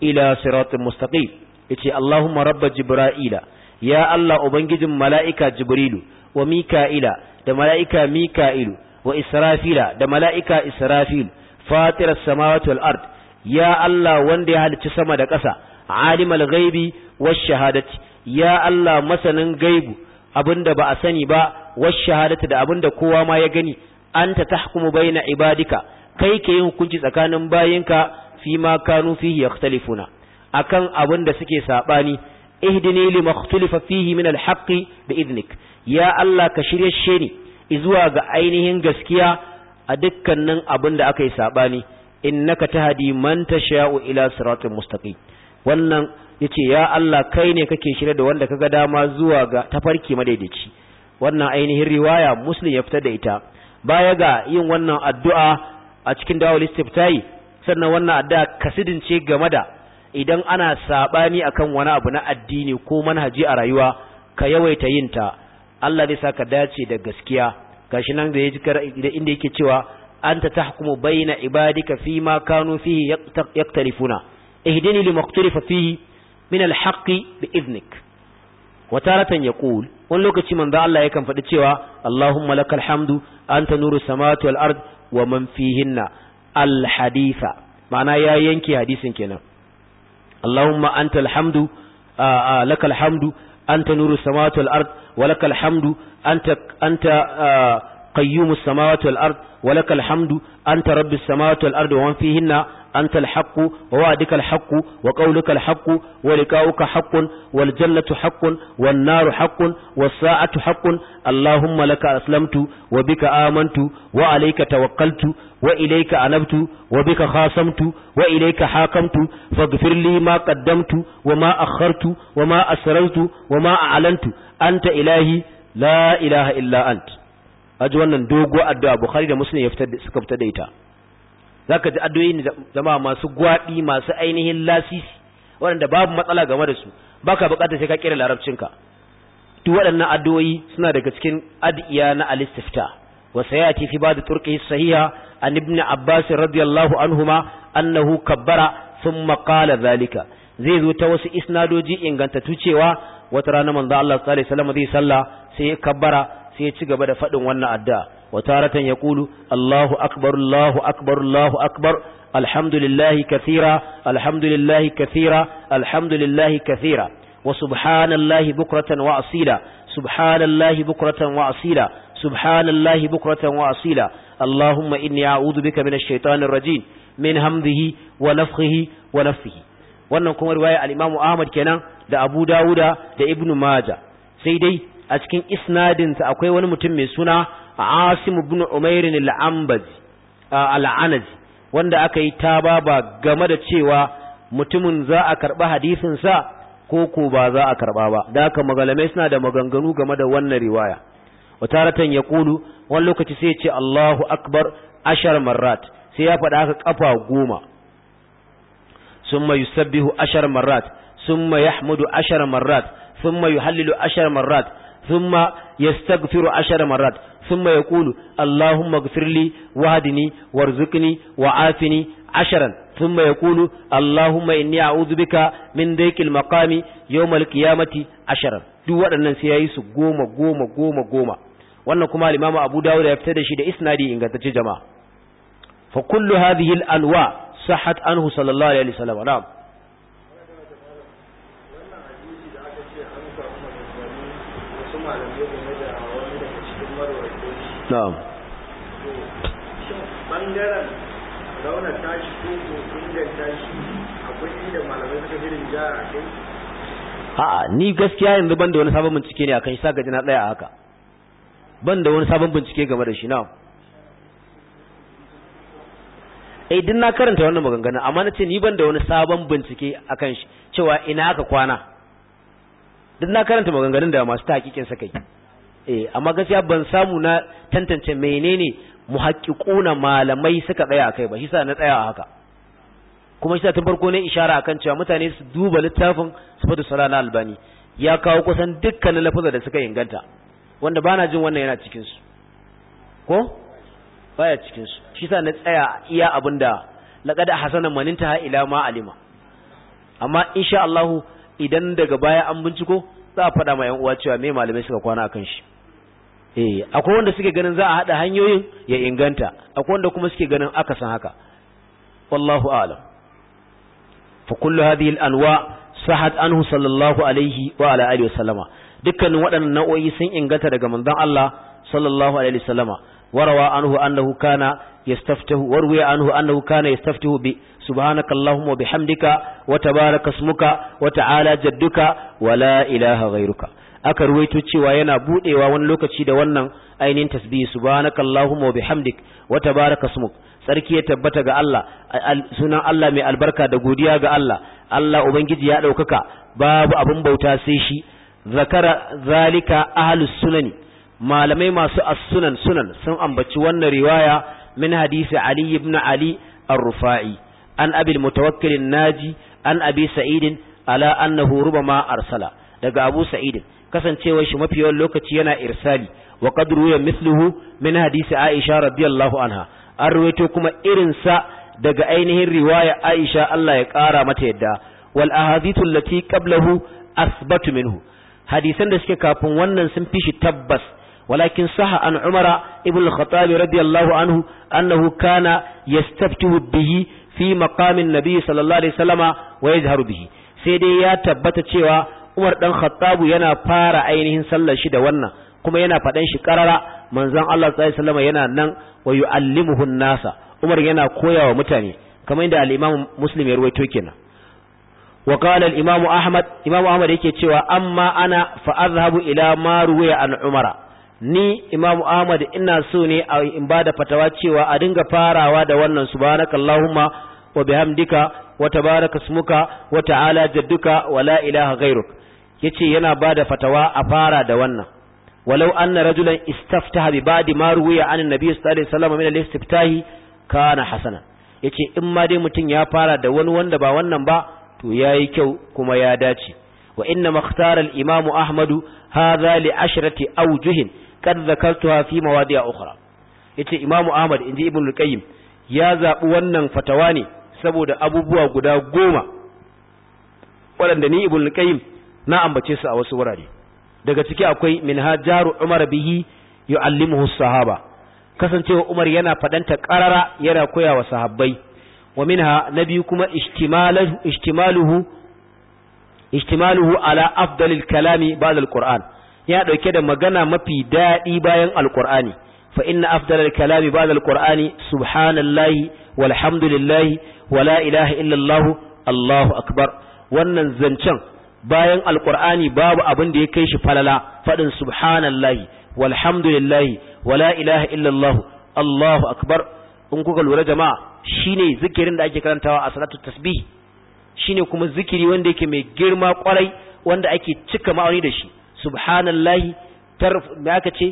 ila siratin mustaqim yace Allahumma rabba jibra'ila ya Allah ubangijin mala'ika jibrilu wa mika'ila da mala'ika mika'ilu wa israfila da mala'ika israfil fatiras samawati wal ard ya Allah wanda ya halicci sama da ƙasa alimul ghaibi wash shahadati ya Allah masanin gaibu abinda ba a sani ba wash shahadati da abinda kowa ma ya gani anta tahkumu baina ibadika kai ke yin hukunci tsakanin bayinka fi ma kanu fihi yakhtalifuna akan abin da suke sabani ihdini li makhtalifa fihi min bi idnik ya Allah ka shirye ni zuwa ga ainihin gaskiya a dukkanin abin da aka yi sabani innaka tahdi man tasha'u ila siratin mustaqim wannan yace ya Allah kai ne kake shirye da wanda kaga dama zuwa ga tafarki madaidaici wannan ainihin riwaya muslim ya fitar da ita baya ga yin wannan addu'a a cikin dawul istiftai sannan wannan addu'a kasidin ce game da idan ana sabani akan wani abu na addini ko manhaji a rayuwa ka yawaita yin ta Allah zai saka dace da gaskiya gashi nan da yaji inda yake cewa anta tahkumu baina ibadika fi ma kanu fihi yaktarifuna ihdini limaktarifa fihi min alhaqi bi idnik wa taratan yaqul wani lokaci manzo Allah yakan faɗi cewa Allahumma lakal hamdu anta nuru samawati wal ard wa man fihinna al ma'ana ya yanke hadisin kenan Allahumma antal hamdu lakal hamdu anta nuru samawati wal ard wa lakal hamdu anta anta قيوم السماوات والأرض ولك الحمد أنت رب السماوات والأرض ومن فيهن أنت الحق ووعدك الحق وقولك الحق ولقاؤك حق والجنة حق والنار حق والساعة حق اللهم لك أسلمت وبك آمنت وعليك توكلت وإليك أنبت وبك خاصمت وإليك حاكمت فاغفر لي ما قدمت وما أخرت وما أسررت وما أعلنت أنت إلهي لا إله إلا أنت aji wannan dogo addu'a bukhari da muslim ya fitar suka fitar da ita zaka ji addu'o'in zama masu gwadi masu ainihin lasisi waɗanda babu matsala game da su baka bukatar sai ka kira larabcinka duk waɗannan addu'o'i suna daga cikin adiya na al-istifta wa sayati fi ba'd turqihi sahiha an ibn abbas radiyallahu anhuma annahu kabbara thumma qala zalika zai zo ta wasu isnadoji ingantattu cewa wata rana manzo Allah sallallahu alaihi wasallam zai salla sai kabbara sai ya ci gaba da faɗin wannan adda wa taratan ya kulu Allahu akbar Allahu akbar Allahu akbar alhamdulillahi kathira alhamdulillahi kathira alhamdulillahi kathira wa subhanallahi bukratan wa asila subhanallahi bukratan wa asila subhanallahi bukratan wa asila Allahumma inni a'udhu bika minash shaitanir rajim min hamdihi wa nafthihi wa nafthihi wannan kuma riwaya al-Imam Ahmad kenan da Abu Dawuda da Ibn Majah sai dai a cikin isnadinsa akwai wani mutum mai suna Asim ibn Umair al-Anbazi al wanda aka yi ba game da cewa mutumin za a karba hadisin sa ko ko ba za a karba ba da haka magalamai suna da maganganu game da wannan riwaya wataratan ya kulu wani lokaci sai ya ce Allahu akbar ashar marrat sai ya faɗa haka kafa goma summa yusabbihu ashar marrat summa yahmudu ashar marrat ثم يحلل ashar marat. ثم يستغفر عشر مرات ثم يقول اللهم اغفر لي واهدني وارزقني وعافني عشرا ثم يقول اللهم إني أعوذ بك من ذيك المقام يوم القيامة عشرا duk waɗannan sai yi su goma goma goma goma wannan kuma al-Imam Abu Dawud ya fitar da shi da isnadi ingantacce jama'a fa kullu hadhihi al-anwa sahhat anhu sallallahu alaihi wasallam na'am na'am bangaren ko inganta shi akwai inda malamai suka fi rinja a kai a'a ni gaskiya yanzu ban da wani sabon bincike ne a kan shi saka na ɗaya a haka ban da wani sabon bincike game da shi na'am eh din na karanta wannan maganganu amma na ce ni ban da wani sabon bincike kan shi cewa ina aka kwana duk na karanta maganganun da masu ta hakikin sakai eh amma gaskiya ban samu na tantance menene muhaqqiquna malamai suka tsaya akai ba shi sa na tsaya haka kuma shi sa tun farko ne ishara akan cewa mutane su duba littafin sifatu salana albani ya kawo kusan dukkanin lafaza da suka inganta wanda ba na jin wannan yana cikin su ko baya cikin su shi sa na tsaya iya abinda laqad hasana maninta ila ma alima amma insha Allah idan daga baya an binciko za a faɗa ma 'yan uwa cewa me malamai suka kwana akan shi eh akwai wanda suke ganin za a haɗa hanyoyin ya inganta akwai wanda kuma suke ganin aka san haka wallahu a'lam fa kullu hadhihi al-anwa sahat anhu sallallahu alaihi wa ala alihi wasallama dukkanin waɗannan nau'o'i sun inganta daga manzon Allah sallallahu alaihi wasallama warawa anhu annahu kana yastaftahu warwiya anhu annahu kana yastaftahu bi subhanakallahumma bihamdika wa tabaraka ismuka wa ta'ala jadduka wa ilaha aka ruwaito cewa yana budewa wani lokaci da wannan ainihin tasbihi subhanakallahumma wa bihamdik wa tabaraka ismuk sarki ya tabbata ga Allah sunan Allah mai albarka da godiya ga Allah Allah ubangiji ya daukaka babu abin bauta sai shi zakara zalika ahlus sunani malamai masu as-sunan sunan sun ambaci wannan riwaya min hadisi ali ibn ali ar-rufa'i an abil mutawakkil naji an abi Sa'idin ala annahu rubama arsala daga abu sa'id kasancewar shi mafi yawan lokaci yana irsali wa qadru ya misluhu min hadisi aisha radiyallahu anha an ruwaito kuma irin sa daga ainihin riwaya aisha Allah ya kara mata yadda wal ahadithu allati qablahu asbatu minhu hadisan da suke kafin wannan sun fi shi tabbas ولكن صح عن عمر ابن الخطاب رضي الله عنه أنه كان يستفتح به fi makamin nabi sallallahu alaihi wasallama wa yajharu bihi sai dai ya tabbata cewa Umar dan Khattabu yana fara ainihin sallar shi da wannan kuma yana faɗan shi ƙarara manzon Allah sallallahu alaihi wasallama yana nan wa yu'allimuhu nasa Umar yana koya wa mutane kamar inda al-Imam Muslim ya ruwaito kenan wa qala al-Imam Ahmad Imam Ahmad yake cewa amma ana fa azhabu ila ma ruwiya an Umara ni Imam Ahmad ina so ne a in bada fatawa cewa a dinga farawa da wannan subhanakallahumma wa bihamdika wa tabaraka smuka wa ta'ala jadduka wa la ilaha ghairuk yace yana bada fatawa a fara da wannan walau anna rajulan istaftaha bi ba'di ma ruwiya an annabi sallallahu alaihi wasallam min al-istiftahi kana hasana yace in ma dai mutum ya fara da wani wanda ba wannan ba to yayi kyau kuma ya dace wa inna makhtara al-imamu ahmadu hadha li ashrati awjuhin qad zakartuha fi mawadi'a ukhra yace imamu ahmad inji ibnu qayyim ya zabi wannan fatawa ne saboda abubuwa guda goma Wadanda ni ibnu qayyim na ambace su a wasu wurare daga ciki akwai minhajaru umar bihi yu'allimuhu sahaba kasancewa umar yana fadanta qarara yana koya wa sahabbai wa minha nabi kuma ihtimaluhu ihtimaluhu ala afdalil kalami ba'da alquran yana ɗauke da magana mafi daɗi bayan alqur'ani fa inna afdalal kalami ba'da alqur'ani subhanallahi walhamdulillahi wala ilaha illallahu allahu akbar wannan zancen bayan alqur'ani babu abin da ya kai shi falala fadin subhanallahi walhamdulillahi wala ilaha illallahu allahu akbar in kuka lura jama'a shine zikirin da ake karantawa a salatu tasbih shine kuma zikiri wanda yake mai girma kwarai wanda ake cika ma'auni da shi subhanallahi tarf me aka ce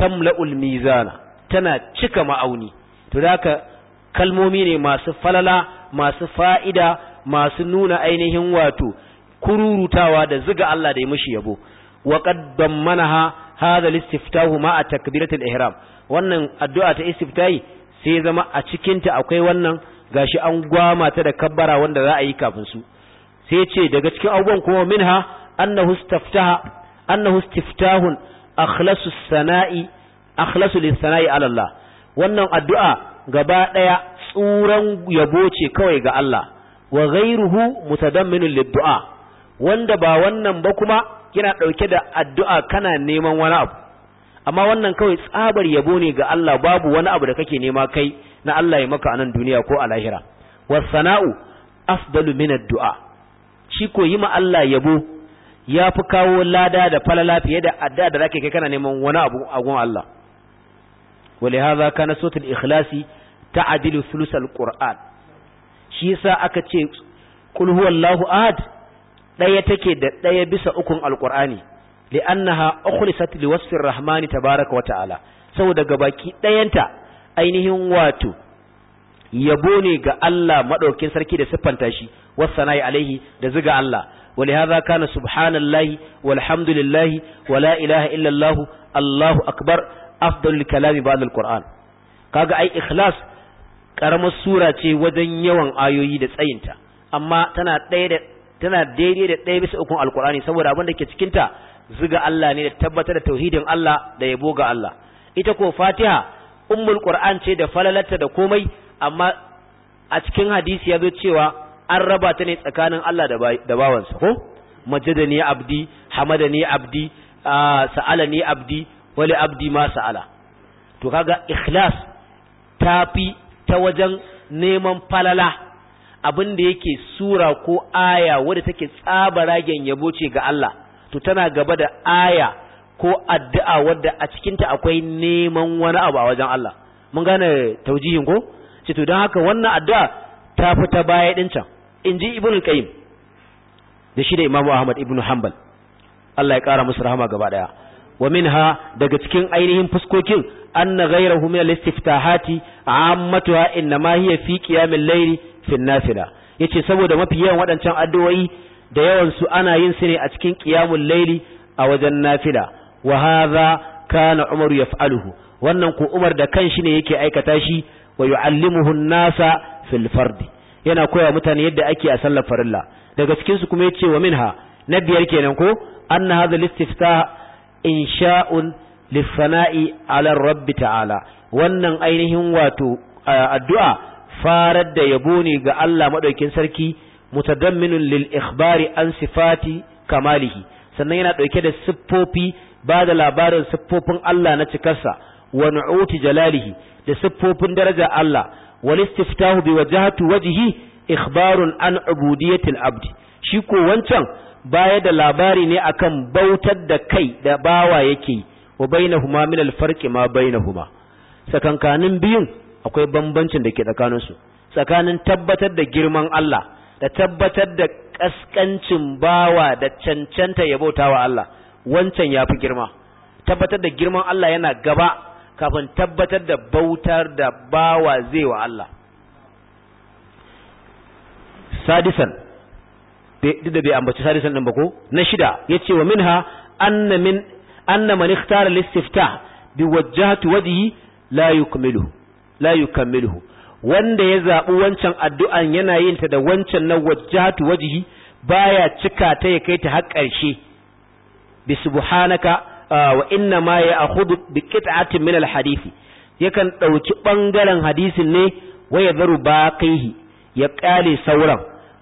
tamla'ul mizana tana cika ma'auni to da kalmomi ne masu falala masu fa'ida masu nuna ainihin wato kururutawa da ziga Allah da ya mishi yabo wa qaddam hada hadha listiftahu ma takbiratul ihram wannan addu'a ta istiftahi sai zama a cikin ta akwai wannan gashi an gwama ta da kabbara wanda za a yi kafin su sai ce daga cikin abubuwan kuma minha annahu istaftaha annahu istiftahun akhlasu sana'i akhlasu ala Allah wannan addu'a gaba daya tsuran yabo ce kawai ga Allah wa ghayruhu mutadamminun liddu'a wanda ba wannan ba kuma yana dauke da addu'a kana neman wani abu amma wannan kawai tsabar yabo ne ga Allah babu wani abu da kake nema kai na Allah ya maka anan duniya ko a lahira was sana'u afdalu min du'a. shi ko yi ma Allah yabo ya fi kawo lada da falala fiye da adda da zaka kai kana neman wani abu a gun Allah ولهذا كان صوت ta adilu sulsal qur'an shi yasa aka ce qul huwallahu ahad daya take da ɗaya bisa ukun alqur'ani li'annaha ukhlisat wasfir rahmani tabaaraka wa ta'ala saboda baki ɗayanta ainihin wato yabo ne ga Allah madaukin sarki da siffanta shi wasana'i alaihi da ziga Allah ولهذا كان سبحان wa la ilaha illallahu Allahu akbar الله الله أكبر أفضل الكلام بعد القرآن كاقا أي إخلاص karamar sura ce wajen yawan ayoyi da tsayinta amma tana ɗaya da daidai da ɗaya bisa ukun alkur'ani saboda abin da ke cikinta ziga Allah ne da tabbatar da tauhidin Allah da yabo ga Allah ita ko fatiha ummul qur'an ce da falalata da komai amma a cikin hadisi ya zo cewa an raba ta ne tsakanin Allah da bawansa ko majadani abdi hamadani abdi sa'alani abdi wali abdi ma sa'ala to kaga ikhlas tafi ta wajen neman falala abin da yake sura ko aya wadda take ragen yabo ce ga Allah to tana gaba da aya ko addu'a wadda a cikinta akwai neman wani abu a wajen Allah mun gane taujihin ko ce to don haka wannan addu'a ta fita baya din can in ji ibn qayyim da shi da imamu ahmad ibn hanbal Allah ya kara musu rahama gaba daya wa minha daga cikin ainihin fuskokin anna ghayrahu min al-istiftahati ammatuha innama hiya fi qiyamil layli fi nafila yace saboda mafi yawan waɗancan addu'o'i da yawan su ana yin su ne a cikin qiyamul layli a wajen nafila wa hadha kana umar yaf'aluhu wannan ko umar da kanshi ne yake aikata shi wa yu'allimuhu an-nasa fil fardi yana koya mutane yadda ake a sallar farilla daga cikin su kuma yace wa minha na biyar kenan ko anna hadha listiftah insha'un lisana'i ala rabbi ta'ala wannan ainihin wato addu'a farar da yabo ne ga Allah madaukin sarki mutadamminun lil ikhbari an sifati kamalihi sannan yana dauke da siffofi ba da labarin siffofin Allah na cikarsa wa nu'uti jalalihi da siffofin daraja Allah wal istiftahu bi wajhati wajihi? ikhbarun an ubudiyatil abdi shi ko wancan baya da labari ne akan bautar da kai da bawa yake wa bainahuma min al farqi ma bainahuma sakankanin biyun akwai bambancin da ke tsakanin su tsakanin tabbatar da girman Allah da tabbatar da kaskancin bawa da cancanta ya bautawa Allah wancan yafi girma tabbatar da girman Allah yana gaba kafin tabbatar da bautar da bawa zai wa Allah sadisan duk da bai ambaci sadisan din ba na shida ce wa minha an na anna man ikhtara bi wajhati wajhi la wanda ya zaɓi wancan addu'an yana yin ta da wancan na wajhati wajhi baya cika ta ya kai ta har ƙarshe bi subhanaka wa inna ma ya akhudu bi qit'atin min al hadisi yakan dauki bangaren hadisin ne waya yadharu baqihi ya kale sauran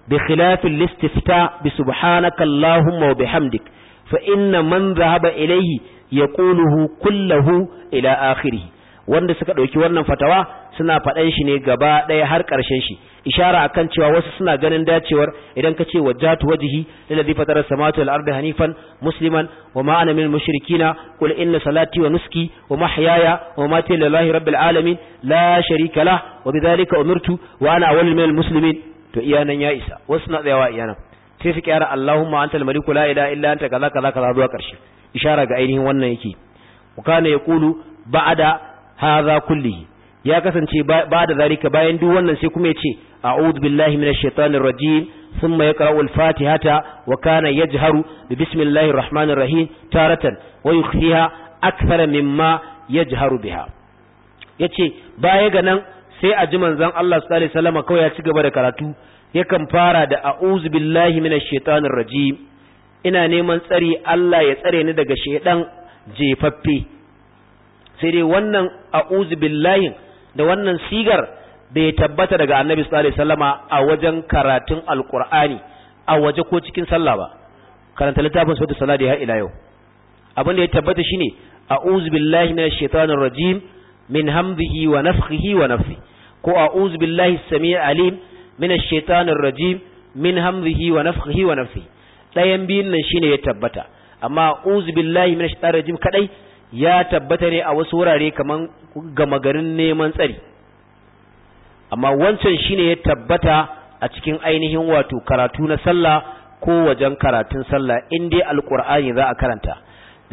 bi khilaf al istifta bi subhanaka allahumma wa bihamdik fa inna man dhahaba ilayhi yaquluhu kullahu ila akhirih wanda suka dauki wannan fatawa suna fadan shi ne gaba daya har karshen shi ishara akan cewa wasu suna ganin dacewar idan ka ce wajjatu wajihi lillazi fatara samawati wal ardi hanifan musliman wa ma ana mushrikina qul inna salati wa nuski wa mahyaya wa mamati lillahi rabbil alamin la sharika lah wa bidhalika umirtu wa ana awwalul minal muslimin to iyanan ya isa wasu na tsayawa iyanan sai su kyara Allahumma antal maliku la ilaha illa anta kaza kaza kaza zuwa karshe ishara ga ainihin wannan yake wa kana yaqulu ba'da hadha kullihi ya kasance ba da zarika bayan duk wannan sai kuma ya ce a'udhu billahi minash shaitanir rajim thumma yaqra'u al-fatihata wa kana yajharu bi bismillahir rahmanir rahim taratan wa yukhfiha akthara mimma yajharu biha yace baya ga nan sai a ji manzon Allah sallallahu alaihi wasallam kawai ya ci gaba da karatu yakan fara da a'udhu billahi minash shaitanir rajim ina neman tsari Allah ya tsare ni daga shaidan jefaffe sai dai wannan a'udhu billahi da wannan sigar bai tabbata daga annabi sallallahu alaihi wasallama a wajen karatun alqur'ani a waje ko cikin sallah ba karanta littafin sautu salati har ila yau abin da ya tabbata shine a'udhu billahi minash shaitanir rajim min hamdihi wa nafthihi wa nafsi ko a'udhu billahi samii alim minash shaitanir rajim min hamdihi wa nafthihi wa nafsi dayan biyun nan shine ya tabbata amma a'udhu billahi minash shaitanir rajim kadai ya tabbata ne a wasu wurare kamar gama garin neman tsari amma wancan shine ya tabbata a cikin ainihin wato karatu na sallah ko wajen karatun sallah in dai alqur'ani za a karanta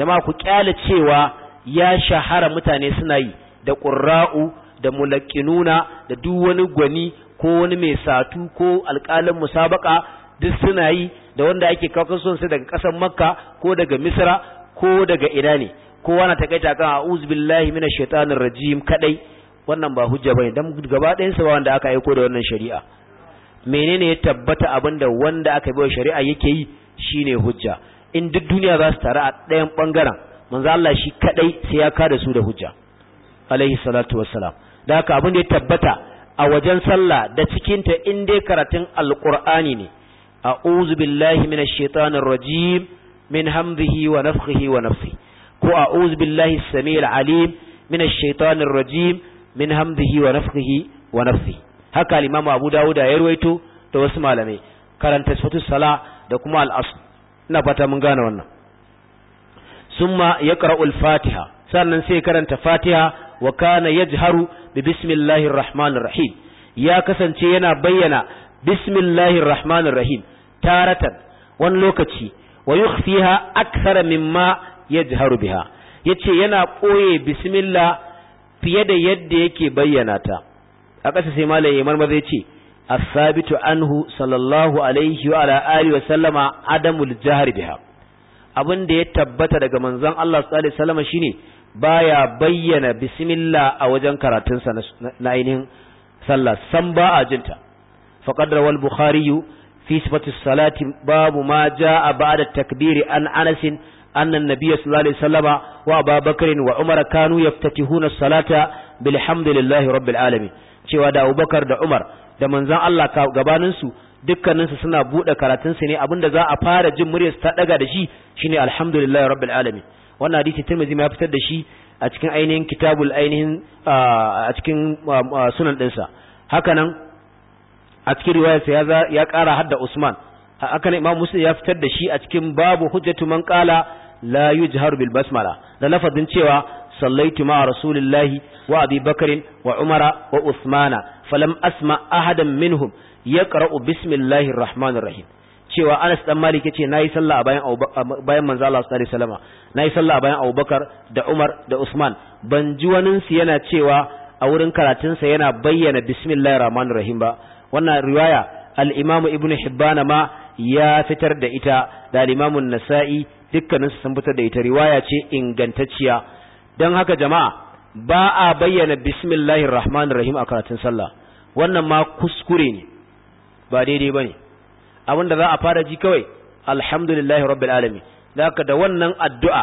ma ku kyale cewa ya shahara mutane suna yi da qurra'u da mulaqinuna da duk wani gwani ko wani mai satu ko alƙalin musabaka duk suna yi da wanda ake kawo kakasonsu daga ƙasar makka ko daga misra ko daga ina ne kowa na takaita kan a'udhu billahi minash shaitanir rajim kadai wannan ba hujja bane dan gaba ɗayan sa ba wanda aka aiko da wannan shari'a menene ya tabbata abinda wanda aka bai shari'a yake yi shine hujja in duk duniya za su taru a ɗayan bangaren manzo Allah shi kadai sai ya kada su da hujja alaihi salatu wassalam da haka abin ya tabbata a wajen sallah da cikin ta in dai karatun alqur'ani ne a'udhu billahi minash shaitanir rajim min hamdihi wa nafthihi wa nafsihi ko a'udhu billahi sami alim min ash-shaytanir rajim min hamdihi wa nafthihi wa nafthi haka al-imam Abu Dawud ya ruwaito da wasu malamai karanta suratul sala da kuma al-asr ina fata mun gane wannan summa yaqra'u al-fatiha sannan sai karanta fatiha wa kana yajharu bi bismillahir rahmanir rahim ya kasance yana bayyana bismillahir rahmanir rahim taratan wani lokaci wa yukhfiha akthara mimma yajharu biha yace yana koye bismillah fiye da yadda yake bayyana ta a ƙasa sai malam Imam maza yace as-sabitu anhu sallallahu alaihi wa ala alihi wa sallama adamul jahr biha abin da ya tabbata daga manzon Allah sallallahu alaihi wa sallama shine baya bayyana bismillah a wajen karatunsa na ainihin sallah san ba a jinta faqad rawal bukhari fi sifati salati babu ma jaa ba'da takbiri an anasin. أن النبي صلى الله عليه وسلم وأبا بكر وعمر كانوا يفتتحون الصلاة بالحمد لله رب العالمين cewa da Abubakar da Umar da manzon Allah gabanin su dukkanin su suna bude karatun su ne abinda za a fara jin muryar ta daga da shi shine alhamdulillahi rabbil alamin wannan hadisi Tirmidhi ya fitar da shi a cikin ainihin kitabul ainihin a cikin sunan dinsa haka nan a cikin riwayar sa ya ya kara hadda Usman haka nan Imam Muslim ya fitar da shi a cikin babu hujjatu man qala la yujharu bil basmala da lafazin cewa Sallaituma ma rasulillahi wa abi bakarin wa umara wa usmana falam asma ahadan minhum yaqra'u bismillahir rahmanir rahim cewa Anas dan Malik yace nayi sallah a bayan bayan manzo Allah sallallahu alaihi wasallam nayi sallah a bayan Abubakar da Umar da Usman ban ji wanin su yana cewa a wurin karatun sa yana bayyana bismillahir rahmanir rahim ba wannan riwaya al-Imam Ibn Hibban ma ya fitar da ita da al-Imam nasai dukkaninsu sun fitar da ita riwaya ce ingantacciya don haka jama'a ba a bayyana bismillahir rahmanir rahim a karatun sallah wannan ma kuskure ne ba daidai bane abinda za a fara ji kawai alhamdulillahi rabbil alamin haka da wannan addu'a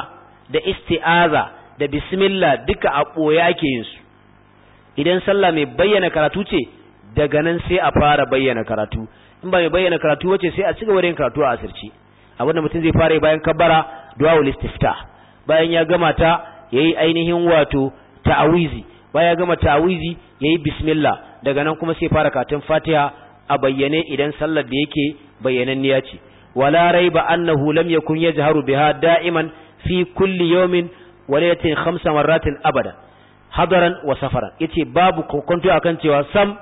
da isti'aza da bismillah duka a boye ake yin su idan sallah mai bayyana karatu ce daga nan sai a fara bayyana karatu in ba mai bayyana karatu wace sai a cigaba da yin karatu a asirci abinda mutum zai fara bayan kabbara du'aul istifta bayan ya gama ta yayi ainihin wato ta'awizi bayan ya gama ta'awizi yayi bismillah daga nan kuma sai fara katin fatiha a bayyane idan sallar da yake bayyananniya ce wala raiba annahu lam yakun yajharu biha da'iman fi kulli yawmin wa laylatin khamsa marratin abada hadaran wa safaran yace babu kokonto akan cewa sam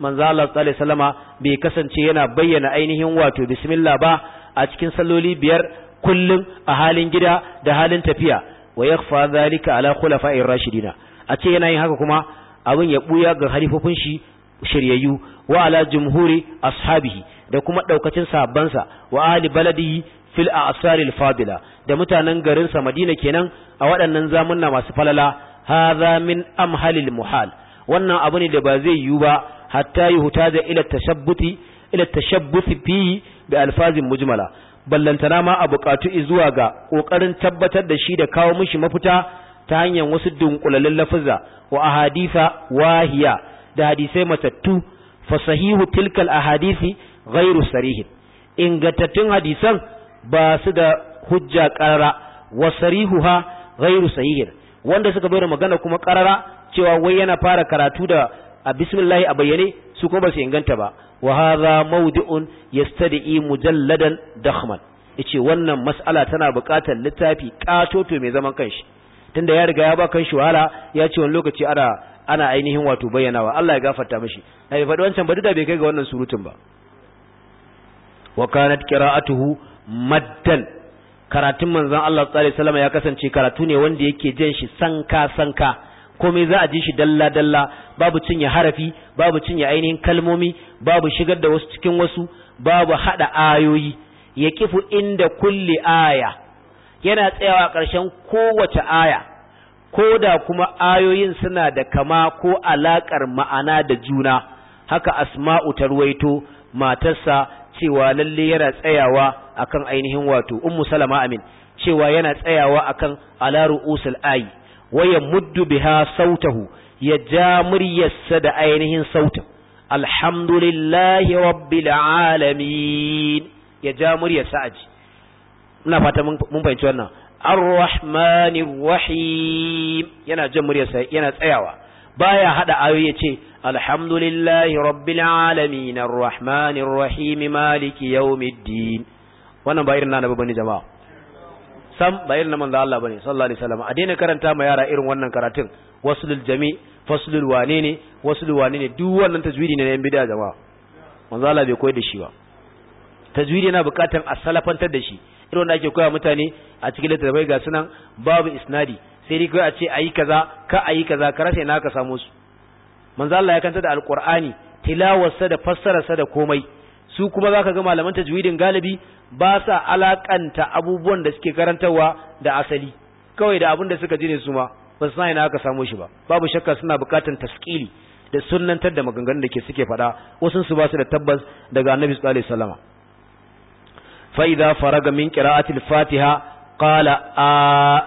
manzo Allah sallallahu alaihi wasallama bai kasance yana bayyana ainihin wato bismillah ba a cikin salloli biyar kullum a halin gida da halin tafiya wa yakhfa zalika ala khulafa'ir rashidina a ce yana yin haka kuma abin ya buya ga halifofin shi shiryayyu wa ala jumhuri ashabihi da kuma daukacin sahabbansa wa ahli baladihi fil asaril fadila da mutanen garin sa Madina kenan a waɗannan zamunna masu falala hadha min amhalil muhal wannan abu ne da ba zai yiwu ba hatta yuhtaja ila tashabbuti ila tashabbuti fi da alfazin mujmala ballantana ma a buƙatu zuwa ga ƙoƙarin tabbatar da shi da kawo mishi mafita ta hanyar wasu dunkulalin lafuzza wa wahiya da hadisai matattu fasahihu tilkal ahadisi ghairu sarih ingantattun hadisan ba su da hujja ƙarara wa ha ghairu sahihin wanda suka bayar magana kuma ƙarara cewa wai yana fara karatu da a bismillahi a bayyane su kuma ba su inganta ba wa hadha mawdi'un yastadi'i mujalladan dakhman yace wannan mas'ala tana buƙatar littafi katoto mai zaman kanshi tunda ya riga ya ba kanshi wahala ya ce wani lokaci ana ana ainihin wato bayyanawa Allah ya gafarta mishi na bai faɗi wancan ba duk da bai kai ga wannan surutun ba wa kanat qira'atuhu maddan karatun manzon Allah sallallahu alaihi wasallam ya kasance karatu ne wanda yake jan shi sanka sanka komai za a ji shi dalla dalla babu cinye harafi babu cinye ainihin kalmomi babu shigar da wasu cikin wasu babu hada ayoyi ya kifu inda kulli aya yana tsayawa ƙarshen kowace aya ko da kuma ayoyin suna da kama ko alaƙar ma'ana da juna haka asma'u ta ruwaito matarsa cewa lalle yana tsayawa akan ainihin wato ummu salama amin cewa yana tsayawa akan ala ru'usul ayi waya muddu biha sautahu ya ja muryarsa da ainihin sautin alhamdulillahi rabbil alamin ya ja muryarsa aji ina fata mun fahimci wannan arrahmanir rahim yana jan muryarsa yana tsayawa baya hada ayoyi yace alhamdulillahi rabbil alamin arrahmanir rahim maliki yawmiddin wannan ba irin na nabi bane jama'a sam ba irin na manzo Allah bane sallallahu alaihi wasallam a daina karanta ma yara irin wannan karatun waslul jami faslul wane ne waslul wane ne duk wannan tajwidi ne na yan bid'a jama'a manzo Allah bai koyar da shi ba tajwidi yana buƙatar a salafantar da shi irin wanda ake koya mutane a cikin littattafai ga sunan babu isnadi sai dai kawai a ce ayi kaza ka ayi kaza ka rasa na ka samu su manzo Allah ya kanta da alqur'ani tilawarsa da fassararsa da komai su kuma zaka ga malaman tajwidin galibi ba sa alakanta abubuwan da suke karantarwa da asali kawai da abin da suka ji ne su ma ba su ina aka samo shi ba babu shakka suna bukatan taskili da sunnantar da maganganun da ke suke faɗa wasu su ba su da tabbas daga annabi sallallahu alaihi wasallama fa idza faraga min qira'atil fatiha qala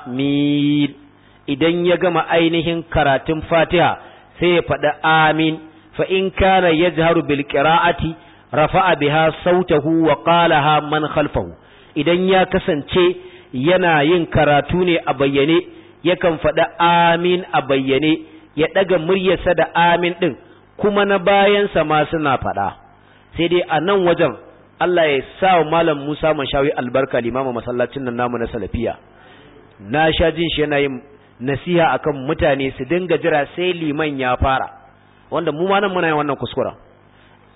amin idan ya gama ainihin karatun fatiha sai ya faɗa amin fa in kana yajharu bil qira'ati rafa'a biha sautahu wa qalaha man khalfahu idan ya kasance yana yin karatu ne a bayyane yakan faɗi amin a bayyane ya ɗaga muryarsa da amin ɗin kuma na bayansa ma suna faɗa sai dai a nan wajen Allah ya sa wa malam Musa Mashawi albarka limamin masallacin nan namu na salafiya na sha jin shi yana yin nasiha akan mutane su dinga jira sai liman ya fara wanda mu ma nan muna yin wannan kuskuren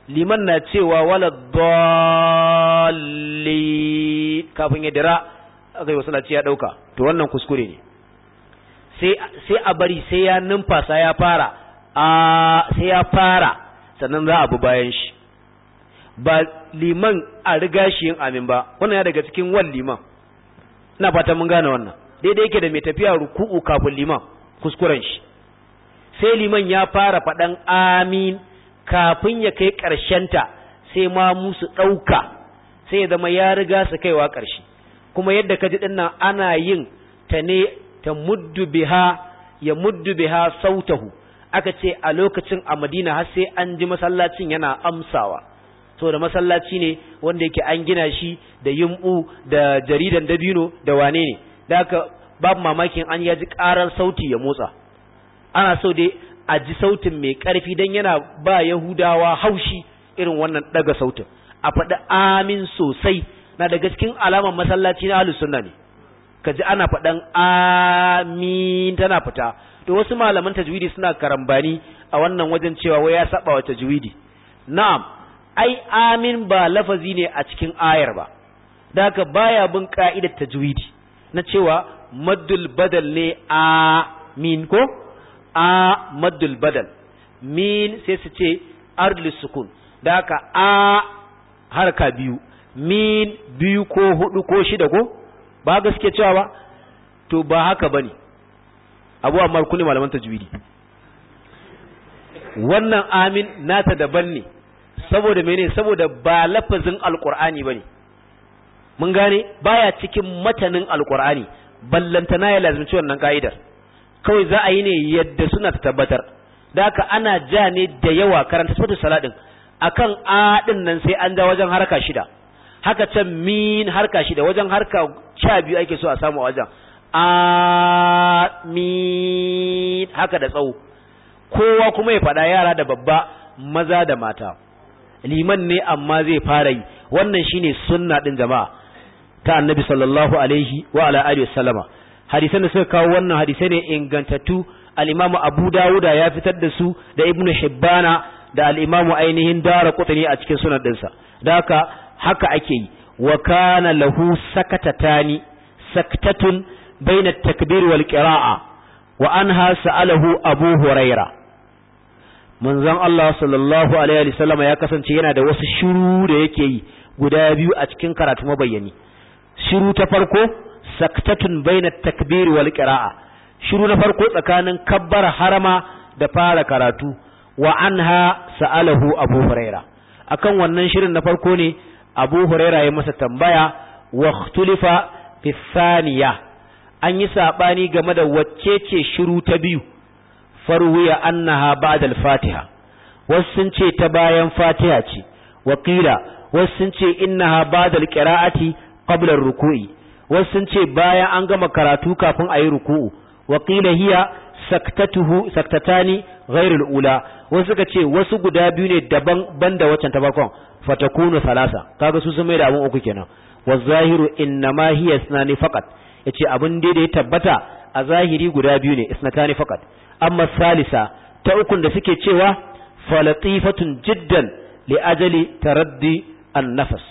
liman na cewa wala dalli kafin ya dira aka yi wasu ya ɗauka to wannan kuskure ne sai a bari sai ya numfasa ya fara a sai ya fara sannan za a bi bayan shi ba liman a riga shi yin amin ba wannan ya daga cikin wan liman ina fata mun gane wannan daidai yake da mai tafiya ruku'u kafin liman kuskuren shi sai liman ya fara faɗan amin kafin ya kai ƙarshen ta sai ma musu ɗauka sai ya zama ya riga su kaiwa ƙarshe kuma yadda ka ji dinnan ana yin ta ne ta muddu biha ya muddu biha sautahu aka ce a lokacin a madina har sai an ji masallacin yana amsawa to da masallaci ne wanda yake an gina shi da yimbu da jaridan dabino da wane ne da haka babu mamakin an yaji karar sauti ya motsa ana so dai a ji sautin mai ƙarfi don yana ba yahudawa haushi irin wannan ɗaga sautin a faɗi amin sosai na daga cikin alamar masallaci na ahlus suna ne ka ji ana faɗan amin tana fita to wasu malaman tajwidi suna karambani a wannan wajen cewa wai ya saba wa tajwidi na'am ai amin ba lafazi ne a cikin ayar ba da haka baya bin ka'idar tajwidi na cewa maddul badal ne amin ko a maddul badal min sai su ce ardul sukun da haka a harka biyu min biyu ko hudu ko shida ko ba gaske cewa ba to ba haka ne. abu amma markuni malaman tajwidi wannan amin nata daban ne saboda mene saboda ba lafazin ba ne mun gane baya cikin matanin ballanta ballantana ya lazimci wannan ka'idar kawai za a yi ne yadda suna ta tabbatar da aka ana ja ne da yawa karanta sifatu saladin akan a din nan sai an da wajen harka shida haka can min harka shida wajen harka sha biyu ake so a samu wajen a min haka da tsawo kowa kuma ya faɗa yara da babba maza da mata liman ne amma zai fara yi wannan shine sunna din jama'a ta annabi sallallahu alaihi wa wasallama hadisan da suka kawo wannan hadisai ne ingantattu al-imamu abu dawuda ya fitar da su da ibnu hibbana da al-imamu ainihin dara qutni a cikin sunan dinsa da haka haka ake yi wa kana lahu sakatatani saktatun baina takbir wal qira'a wa anha sa'alahu abu huraira manzon Allah sallallahu alaihi wasallam ya kasance yana da wasu shiru da yake yi guda biyu a cikin karatu mabayani shiru ta farko saktatun baina takbir wal qira'a shiru na farko tsakanin kabbar harama da fara karatu wa anha sa'alahu abu huraira akan wannan shirin na farko ne abu huraira ya masa tambaya wa ikhtulifa fi thaniya an yi sabani game da wacce ce shiru ta biyu farwiya annaha ba'da al-fatiha wasu sun ce ta bayan fatiha ce wa qila wasu sun ce innaha ba'da al-qira'ati qabla ar-ruku'i wasu sun ce bayan an gama karatu kafin a yi ruku'u wakila hiya saktatuhu saktatani ghairul ula wasu suka ce wasu guda biyu ne daban banda waccan ta farkon fatakunu salasa kaga su sun mai da abun uku kenan wa zahiru innama hiya isnani faqat yace abin da ya tabbata a zahiri guda biyu ne isnatani faqat amma salisa ta ukun da suke cewa falatifatun jiddan li ajali taraddi an-nafas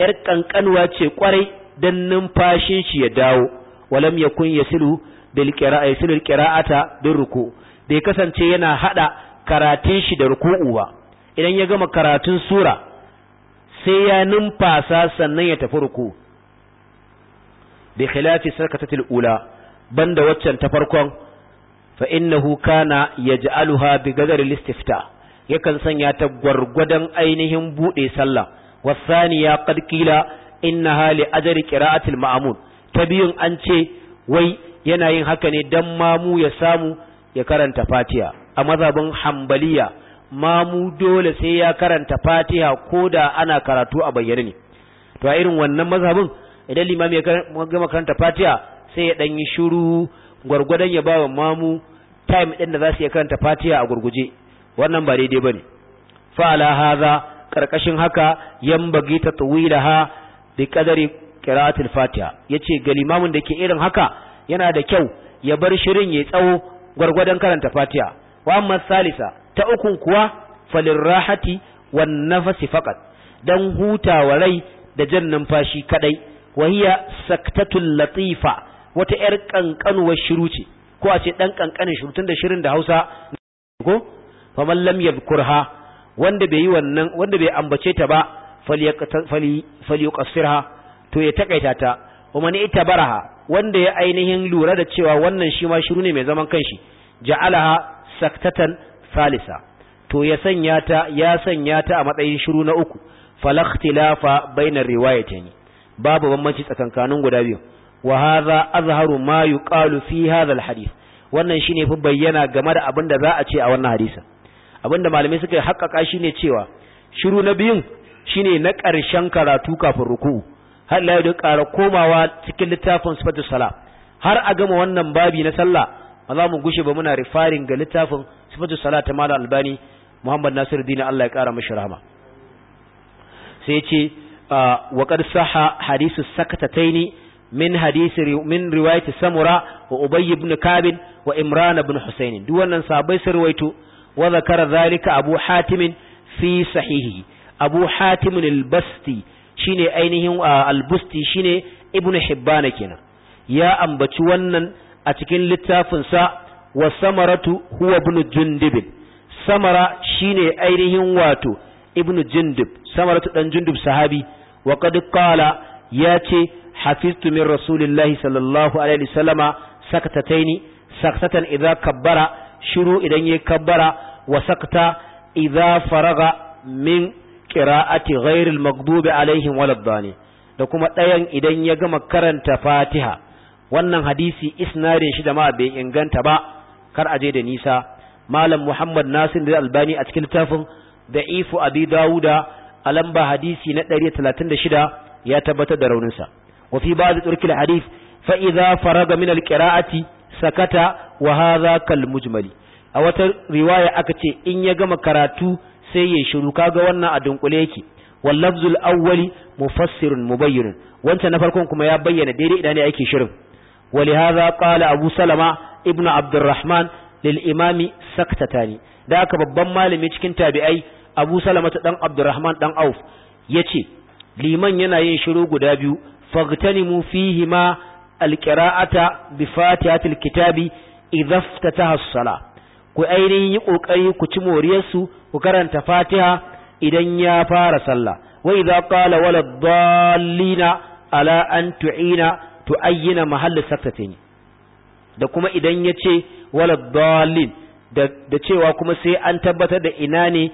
yar kankanwa ce kwarai dan numfashin shi ya dawo walam yakun yasilu bil qira'a yasilu qira'ata bil ruku bai kasance yana hada karatun shi da ruku'u ba idan ya gama karatun sura sai ya numfasa sannan ya tafi ruku bi khilafi sarkatatil ula banda waccan ta farkon fa innahu kana yaj'aluha bi gadar al-istifta yakan sanya ta gwargwadon ainihin bude sallah wasaniya qad kila innaha li ajri qira'atil ma'mun ta biyun an ce wai yana yin haka ne dan mamu ya samu ya karanta fatiha a mazhabin hambaliya mamu dole sai ya karanta fatiha koda ana karatu a bayyane ne to a irin wannan mazhabin idan limami ya gama karanta fatiha sai ya dan yi shiru gwargwadon ya bawa mamu time din da za su karanta fatiha a gurguje wannan ba daidai bane fa ala hadha karkashin haka yambagi tuwilaha bi kadari qira'atul fatiha yace ga limamin da ke irin haka yana da kyau ya bar shirin ya tsawo gwargwadon karanta fatiha wa amma salisa ta ukun kuwa rahati wan nafasi faqat dan hutawa rai da jan numfashi kadai wahiya saktatul latifa wata yar kankanuwar shiru ce ko a ce dan kankanin shiru tunda shirin da Hausa ko faman lam wanda bai yi wannan wanda bai ambace ta ba falyuqassirha to ya takaita ta wa man itabaraha wanda ya ainihin lura da cewa wannan shi ma shiru ne mai zaman kanshi ja'alaha saktatan salisa to ya sanya ta ya sanya ta a matsayin shiru na uku falakhtilafa bainar riwayatayn babu bambanci tsakankanin guda biyu wa hadha azharu ma yuqalu fi hadha alhadith wannan shine fi bayyana game da abin da za a ce a wannan hadisin abin da malamai suka haƙaƙa shine cewa shiru na biyun shine na ƙarshen karatu kafin ruku'u har la yadda ƙara komawa cikin littafin sifatu sala har a gama wannan babi na sallah ba za mu gushe ba muna rifarin ga littafin sifatu sala ta malam albani muhammad nasir dina allah ya ƙara mashi rahama sai ce ah, wa qad sahha hadisu sakatataini min hadisi min riwayati samura wa ubay ibn kabin wa imran ibn husain duk wannan sahabbai sun ruwaito wa zakara zalika abu hatim fi sahihi abu hatimun albasti shine ainihin al-busti shine ibn hibban kenan ya ambaci wannan a cikin littafin sa wa samaratu huwa ibn jundib samara shine ainihin wato ibn jundib samaratu dan jundib sahabi wa qad qala ya ce hafiztu min rasulillahi sallallahu alaihi wasallama saktataini saktatan idza kabbara shiru idan yayi kabbara wa sakta idza faraga min qira'ati ghairil maghdubi alaihim waladdani da kuma ɗayan idan ya gama karanta Fatiha wannan hadisi isnadin shi da ma bai inganta ba kar a je da nisa malam Muhammad Nasir da Albani a cikin littafin Da'ifu Abi Dawuda a lamba hadisi na 136 ya tabbatar da rauninsa wa fi ba'd turkil hadith fa idza faraga min alqira'ati sakata wa hadha kal mujmali a wata riwaya aka ce in ya gama karatu sai ya shiru kaga wannan a dunkule yake wallafzul lafzul awwali mufassirun mubayyinun wancan na farkon kuma ya bayyana daidai idan ne ake shirin ولهذا قال أبو سلمة ابن عبد imami saktatani da aka babban malami cikin tabi'ai Abu Salama dan Abdurrahman dan Auf yace liman yana yin shiru guda biyu fagtanimu fihi ma alqira'ata bi fatihatil kitabi idza iftataha as-salah ku ainihin yi ƙoƙari ku ci moriyarsu ku karanta fatiha idan ya fara sallah wa idza qala wala dallina ala an tu'ina tu'ayyina mahallu saktatin da kuma idan ya ce wala dallin da cewa kuma sai an tabbatar da ina ne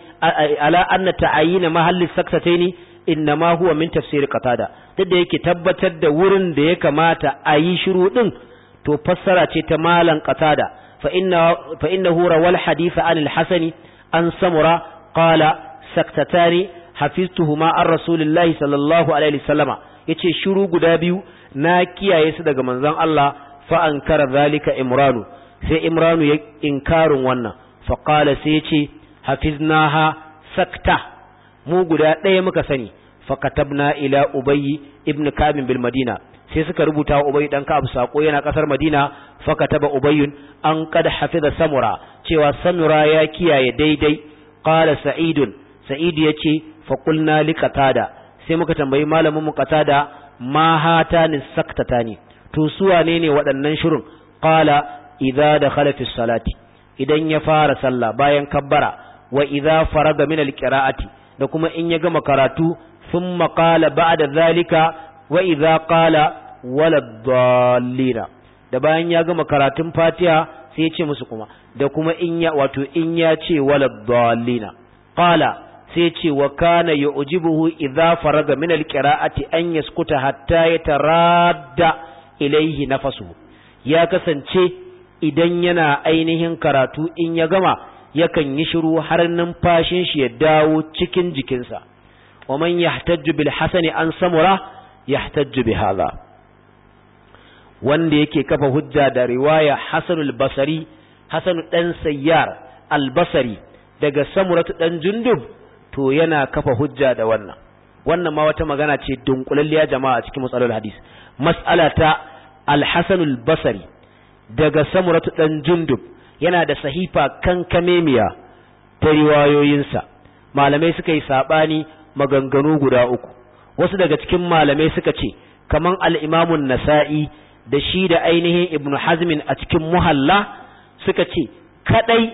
ala anna ta'ayyina mahallu saktatin inna ma huwa min tafsir qatada duk da yake tabbatar da wurin da ya kamata a yi shiru ɗin to fassara ce ta malan qatada fa innahu rawal hadith an al-hasan an samura qala saktatan hafiztuhuma an rasulillahi sallallahu alaihi wasallama yace shiru guda biyu na kiyaye su daga manzon Allah fa ankara zalika imranu sai imranu ya inkarin wannan fa qala sai yace hafiznaha sakta mu guda ɗaya muka sani fa katabna ila ubayy ibn kabin bil madina sai suka rubuta wa Ubay dan Ka'ab sako yana kasar Madina fakataba Ubayun an qad hafiza Samura cewa Samura ya kiyaye daidai qala sa'idu Sa'id yace fa qulna li Qatada sai muka tambayi malamin mu Qatada ma hatani saktatani to su wane ne waɗannan shirin qala idza dakhala fi salati idan ya fara sallah bayan kabbara wa idza faraga min alqira'ati da kuma in ya gama karatu thumma qala ba'da zalika wa idza qala waladdallina da bayan ya gama karatun fatiha sai ya ce musu kuma da kuma in ya wato in ya ce waladdallina qala sai ce wa kana yu'jibuhu idza faraga min alqira'ati an yaskuta hatta yataradda ilayhi nafsuhu ya kasance idan yana ainihin karatu in ya gama yakan yi shiru har numfashin shi ya dawo cikin jikinsa wa man yahtajju bil hasani an samura yahtajju bi hadha wanda yake kafa hujja da riwaya Hasan al-Basri dan Sayyar AlBasari basri daga Samuratu dan Jundub to yana kafa hujja da wannan wannan ma wata magana ce dunkulalliya jama'a cikin matsalar hadis mas'ala ta al-Hasan daga Samuratu dan Jundub yana da sahifa kankamemiya ta riwayoyinsa malamai suka yi sabani maganganu guda uku wasu daga cikin malamai suka ce kaman al-Imamun Nasa'i da shi da ainihin ibnu hazmin a cikin muhalla suka ce kadai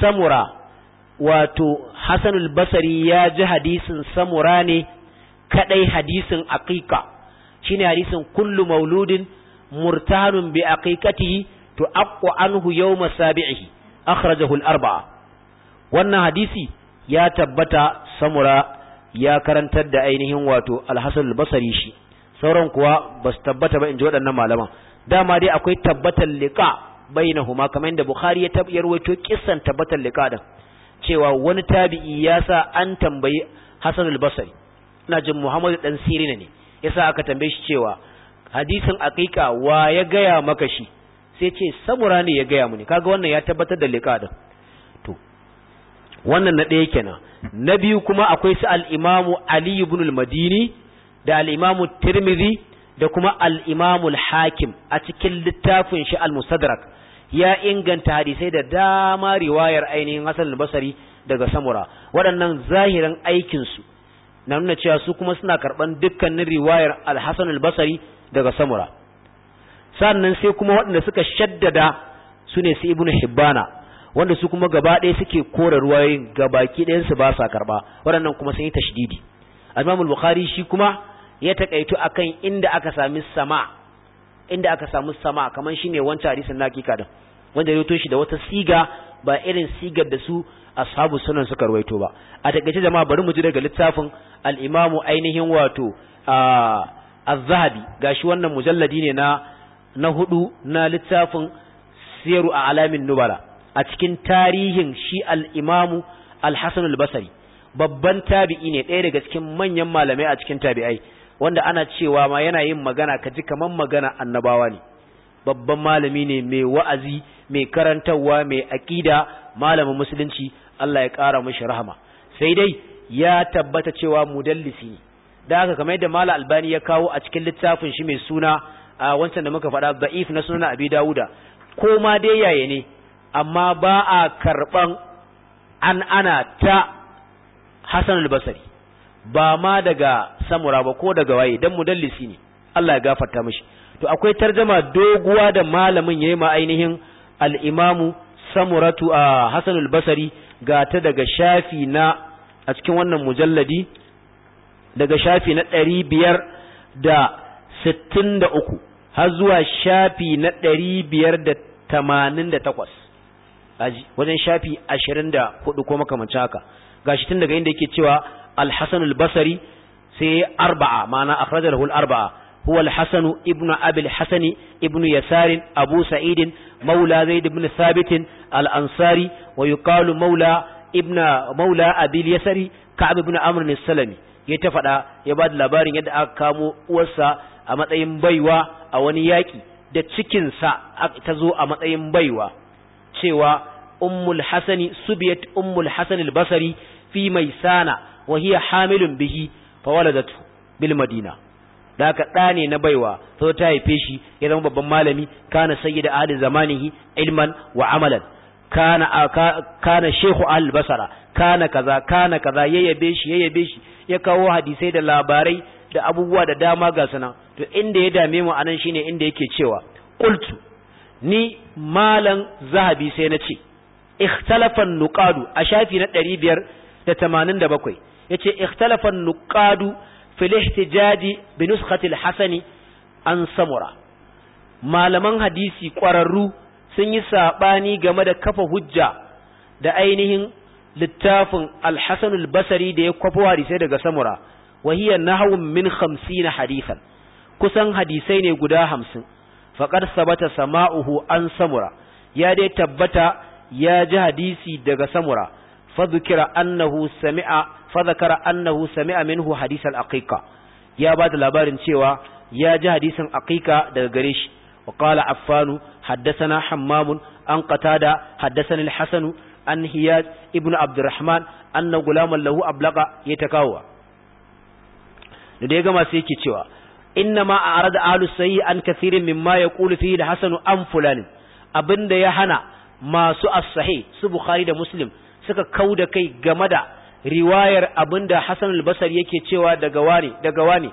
samura wato hasanul basari ya ji hadisin samura ne kadai hadisin aqiqa shine hadisin kullu mauludin murtanun bi aqiqatihi to aqu anhu yawma sabi'ihi akhrajahu al-arba'a wannan hadisi ya tabbata samura ya karantar da ainihin wato al-hasan al-basri shi sauran kuwa ba su tabbata ba in ji waɗannan malaman dama dai akwai tabbatar liƙa bai na huma kamar yadda Bukhari ya tabbiyar wato kissan tabbatar liƙa ɗin cewa wani tabi'i ya sa an tambayi hasan albasari ina jin muhammadu dan Sirina ne ya sa aka tambaye shi cewa hadisin akika wa ya gaya maka shi sai ce samura ne ya gaya mu ne kaga wannan ya tabbatar da liƙa ɗin to wannan na ɗaya kenan na biyu kuma akwai su al'imamu Aliyu Ali madini da al-Imam Tirmizi da kuma al hakim a cikin littafin shi al-Mustadrak ya inganta hadisai da dama riwayar ainihin Hasan al-Basri daga Samura waɗannan zahiran aikin su na nuna cewa su kuma suna karɓar dukkanin riwayar al-Hasan al daga Samura sannan sai kuma waɗanda suka shaddada su ne su Ibn Hibbana wanda su kuma gaba ɗaya suke kore ruwayoyin gabaki ɗayansu ba sa karɓa waɗannan kuma sun yi tashdidi al imamul bukhari shi kuma ya a akan inda aka sami sama inda aka samu sama kamar shi ne wancan harisun na hakika din wanda ya shi da wata siga ba irin sigar da su ashabu sunan suka rawaito ba a taƙaice jama'a bari mu ji daga littafin al'imamu ainihin wato az-zahabi shi wannan mujalladi ne na na hudu na littafin siyaru a alamin nubara a cikin tarihin shi al'imamu imamu al-hasan babban tabi'i ne ɗaya daga cikin manyan malamai a cikin tabi'ai wanda ana cewa ma yana yin magana ka ji kamar magana annabawa ne babban malami ne mai wa'azi mai karantarwa mai aƙida malamin musulunci Allah ya ƙara mashi rahama sai dai ya tabbata cewa mudallisi ne da haka kamar yadda mala albani ya kawo a cikin littafin shi mai suna a wancan da muka faɗa da'if na sunan abi dawuda ko ma dai yaye ne amma ba a karɓan an ana ta hasan albasari ba ma daga samura ba ko daga waye dan mudallisi ne Allah ya gafarta mishi to akwai tarjuma doguwa da malamin yayi ma ainihin al-imamu samuratu a Hasan al-Basri ga ta daga shafi na a cikin wannan mujalladi daga shafi na 563 har zuwa shafi na 588 aji wajen shafi 24 ko makamancin haka gashi tun daga inda yake cewa al-hasan sai arba'a ma'ana akhrajahu arbaa huwa al-hasan ibnu abi al-hasan ibnu abu sa'id maula zaid ibn thabit al-ansari wa yuqalu maula ibna maula abi al-yasari ka'ab salami ya ta faɗa ya ba da labarin yadda aka kamo uwarsa a matsayin baiwa a wani yaƙi da cikinsa ta zo a matsayin baiwa cewa ummul hasani subiyat ummul hasani albasari fi mai sana wa hiya hamilun bihi fa waladatu bil madina da haka ɗa ne na baiwa sau ta haife shi ya zama babban malami kana sayyida ahli zamanihi ilman wa amalan kana kana shehu al basara kana kaza kana kaza yayyabe shi yayyabe shi ya kawo hadisai da labarai da abubuwa da dama ga sana to inda ya dame mu anan shine inda yake cewa qultu ni malan zahabi sai na ce ikhtalafa nuqadu a shafi na biyar. da tamanin da bakwai ya ce ikhtalafan nuqadu fil ihtijaji bi nuskhatil hasani an samura malaman hadisi ƙwararru sun yi saɓani game da kafa hujja da ainihin littafin alhassanul basari da ya kwafo hadisai daga samura wahiyar nahawun min hamsi na hadisan kusan hadisai ne guda hamsin faƙar sabata sama'uhu an samura ya dai tabbata ya ji hadisi daga samura fadhkira annahu sami'a fadhkara annahu sami'a minhu hadisan al-aqiqa ya bada labarin cewa ya ji hadisin aqiqa daga gare shi wa qala affanu haddathana hammam an qatada haddathana al-hasan an hiyaz ibn abdurrahman anna gulaman lahu ablaqa yatakawa da dai gama sai yake cewa innama arada ahlus sayyi an kathirin mimma yaqulu fihi al-hasan an fulan abinda ya hana masu asahi su bukhari da muslim suka kau da kai game da riwayar abinda Hassan al-Basri yake cewa daga wani daga wani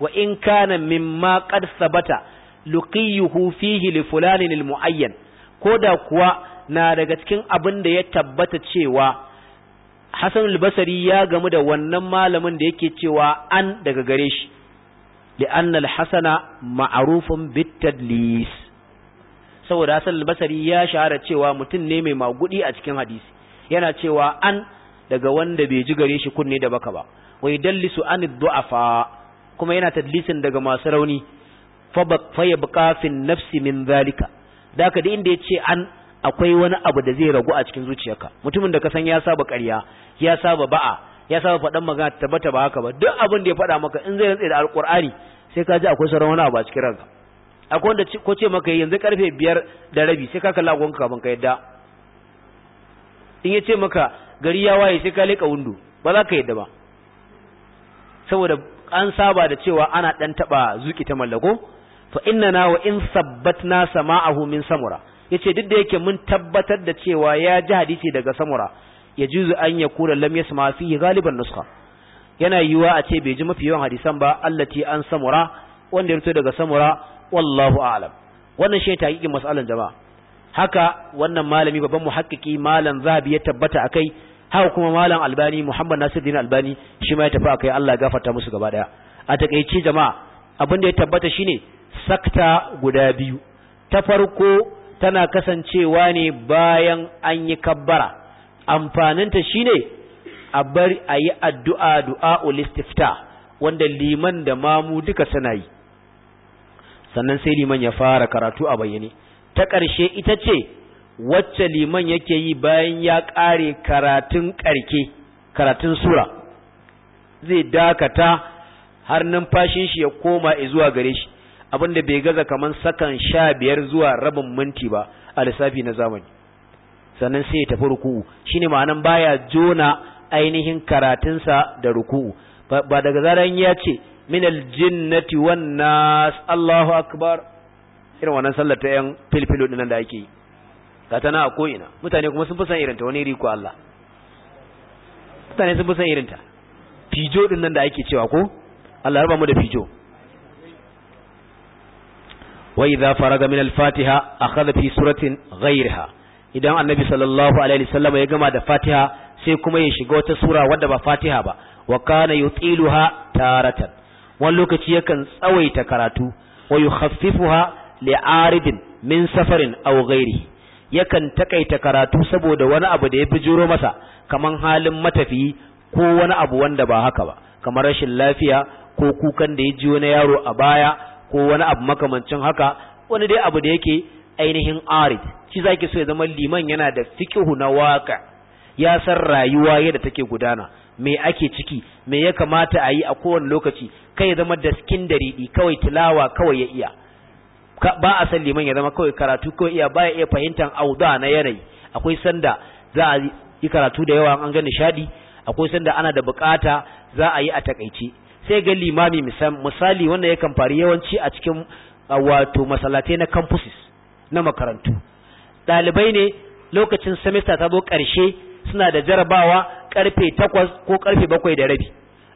wa in kana mimma qad sabata luqiyuhu fihi li fulanin al-muayyan koda kuwa na daga cikin abin da ya tabbata cewa Hassan al-Basri ya gamu da wannan malamin da yake cewa an daga gare shi li'anna al-hasana ma'rufun bit saboda Hassan al-Basri ya shahara cewa mutum ne mai magudi a cikin hadisi yana cewa an daga wanda bai ji gare shi kunne da baka ba wai dallisu an du'afa kuma yana tadlisin daga masu rauni fa yabqa fi nafsi min zalika da ka da inda yace an akwai wani abu da zai ragu a cikin zuciyarka mutumin da ka san ya saba ƙarya ya saba ba'a ya saba faɗan magana tabbata ba haka ba duk abin da ya faɗa maka in zai rantsa da alƙur'ani sai ka ji akwai sauran wani abu a cikin ranka akwai wanda ko ce maka yanzu karfe biyar da rabi sai ka kalla gonka kafin ka yadda in ya ce maka gari ya waye sai ka leka wundu ba za ka yadda ba saboda an saba da cewa ana ɗan taba zuki ta mallako fa inna na wa in sabbatna sama'ahu min samura yace duk da yake mun tabbatar da cewa ya ji hadisi daga samura ya juzu an ya kura lam yasma fi galiban nuskha yana yiwa a ce bai ji mafi yawan hadisan ba allati an samura wanda ya rito daga samura wallahu a'lam wannan shi ta hakikin mas'alan jama'a haka wannan malami babban muhakkiki malam zahabi ya tabbata akai haka kuma malam albani muhammad nasiruddin albani shi ma ya tafi akai Allah ya gafarta musu gaba daya a takeici jama'a abin da ya tabbata shine sakta guda biyu ta farko tana kasancewa ne bayan an yi kabbara amfaninta shine a bari a yi addu'a du'a istifta wanda liman da mamu duka suna yi sannan sai liman ya fara karatu a bayyane ta ƙarshe ita ce wacce liman yake yi bayan ya ƙare karatun ƙarke karatun sura zai dakata har numfashin shi ya koma zuwa gare shi abinda bai gaza kamar sakan sha biyar zuwa rabin minti ba a lissafi na zamani sannan sai ya tafi ruku'u shine ma'anan baya jona ainihin karatunsa da ruku'u ba daga zaran ya ce minal jinnati wan nas Allahu akbar irin wannan sallar ta yan filfilo dinan da ake yi ga tana a ko'ina mutane kuma sun fi san irinta wani riko Allah mutane sun fi san irinta fijo dinan da ake cewa ko Allah raba mu da fijo wa idza faraga min al-fatiha akhadha fi suratin ghayriha idan annabi sallallahu alaihi wasallam ya gama da fatiha sai kuma ya shiga wata sura wadda ba fatiha ba wa kana yutiluha taratan wani lokaci yakan tsawaita karatu wa yukhaffifuha li'aridin min safarin aw ghairi yakan takaita karatu saboda wani abu da ya fi bijiro masa kaman halin matafi ko wani abu wanda ba haka ba kamar rashin lafiya ko kukan da ya ji wani yaro a baya ko wani abu makamancin haka wani dai abu da yake ainihin arid shi zaki so ya zama liman yana da fiqhu na waka ya san rayuwa yadda take gudana me ake ciki me ya kamata a yi a kowane lokaci kai ya zama da skin dariɗi kawai tilawa kawai ya iya ba a san liman ya zama kawai karatu kawai iya baya iya fahimtar auda na yanayi akwai sanda za a yi karatu da yawa an ga shadi akwai sanda ana da bukata za a yi a takaice sai ga limami misali wanda yakan fari yawanci a cikin wato masallatai na campuses na makarantu ɗalibai ne lokacin semester ta zo karshe suna da jarabawa karfe takwas ko karfe bakwai da rabi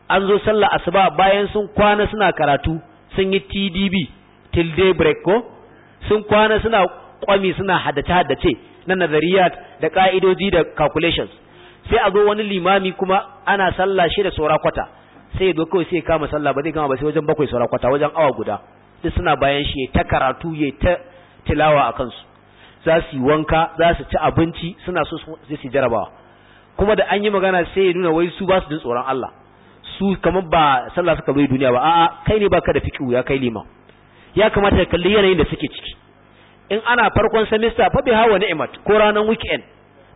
an zo sallah asuba bayan sun kwana suna karatu sun yi tdb till daybreak ko sun kwana suna kwami suna hadace haddace na nazariyat da ka'idoji da calculations sai a zo wani limami kuma ana sallah shi da saura kwata sai ya zo kawai sai kama sallah ba zai gama ba sai wajen bakwai saura kwata wajen awa guda duk suna bayan shi ta karatu ya ta tilawa a kansu za su yi wanka za su ci abinci suna so su jarabawa kuma da an yi magana sai ya nuna wai su ba su jin tsoron Allah su kamar ba sallah suka bai duniya ba a'a kai ne baka da fiqhu ya kai liman ya kamata ka kalli yanayin da suke ciki in ana farkon semester fa bi hawa ni'mat ko ranar weekend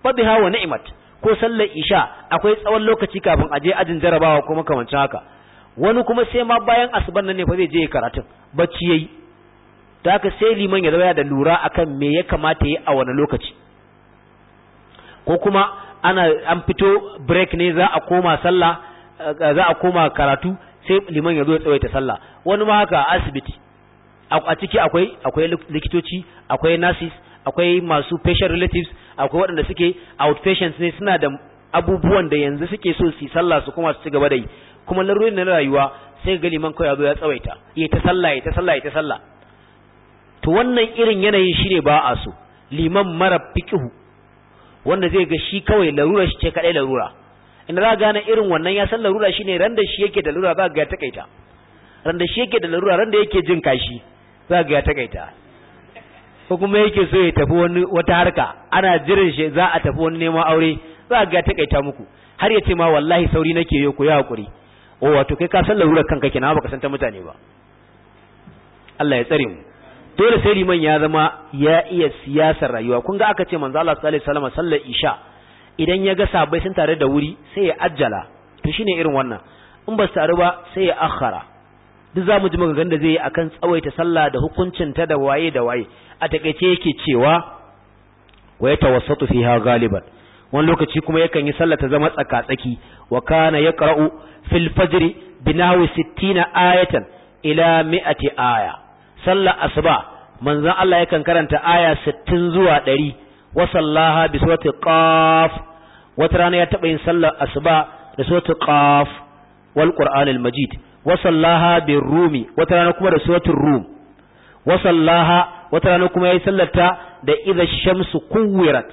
fa hawa hawa ni'mat ko sallar isha akwai tsawon lokaci kafin a je ajin jarabawa ko makamancin haka wani kuma sai ma bayan asuban nan ne fa zai je karatun bacci yayi ta haka sai liman ya zama da lura akan me ya kamata yi a wani lokaci ko kuma ana an fito break ne za a koma sallah eh, za a koma karatu sai liman ya zo ya tsawaita sallah wani ma haka asibiti a ciki akwai akwai likitoci akwai nurses akwai masu patient relatives akwai waɗanda suke outpatients ne suna da abubuwan da yanzu suke so su sallah su kuma su ci gaba da yi kuma larurin na rayuwa sai ga liman kawai zo ya tsawaita ya ta sallah ya ta sallah ya ta sallah to wannan irin yanayin shine ba a so liman mara fiqhu wanda zai ga shi kawai larura shi ce kadai larura in za gane irin wannan ya san larura shine ran da shi yake da larura ba ga takaita ran da shi yake da larura ran da yake jin kashi za ga ya takaita ko kuma yake so ya tafi wani wata harka ana jiran shi za a tafi wani neman aure za ga ya takaita muku har ya ce ma wallahi sauri nake yo ku ya hakuri o wato kai ka san larurar kanka kenan baka san ta mutane ba Allah ya tsare mu dole sai liman ya zama ya iya siyasar rayuwa kun ga aka ce manzo Allah sallallahu alaihi wasallam sallar isha idan ya ga sabai sun tare da wuri sai ya ajjala to shine irin wannan in ba su taru ba sai ya akhara duk za mu ji maganganun da zai yi akan tsawaita sallah da hukuncin ta da waye da waye a takaice yake cewa wa tawassatu fiha galiban wani lokaci kuma yakan yi sallah ta zama tsakatsaki wa kana yaqra'u fil fajr nawi 60 ayatan ila 100 aya sallah asuba manzon Allah yakan karanta aya 60 zuwa 100 wa sallaha bi surati qaf wata rana ya taba yin sallah asuba da surati qaf wal qur'anil majid wa sallaha bir rumi wata rana kuma da suratul rum wa sallaha wata rana kuma yayi sallata da idza shamsu kuwirat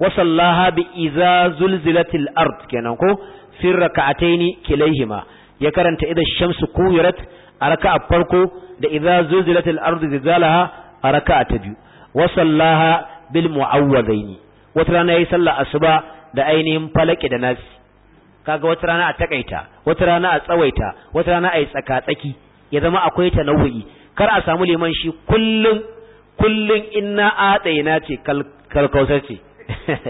wa sallaha bi idza zulzilatil ard kenan ko sir raka'ataini kilaihima ya karanta idza shamsu kuwirat a raka a farko da idza zulzilatil ard zilzalaha a raka'a ta biyu wa sallaha bil mu'awwadaini wata rana yayi sallar asuba da ainihin falaki da nasi kaga wata rana a takaita wata rana a tsawaita wata rana a yi tsaka-tsaki ya zama akwai tanawu'i kar a samu liman shi kullum kullum inna atsaina ce kalkausar ce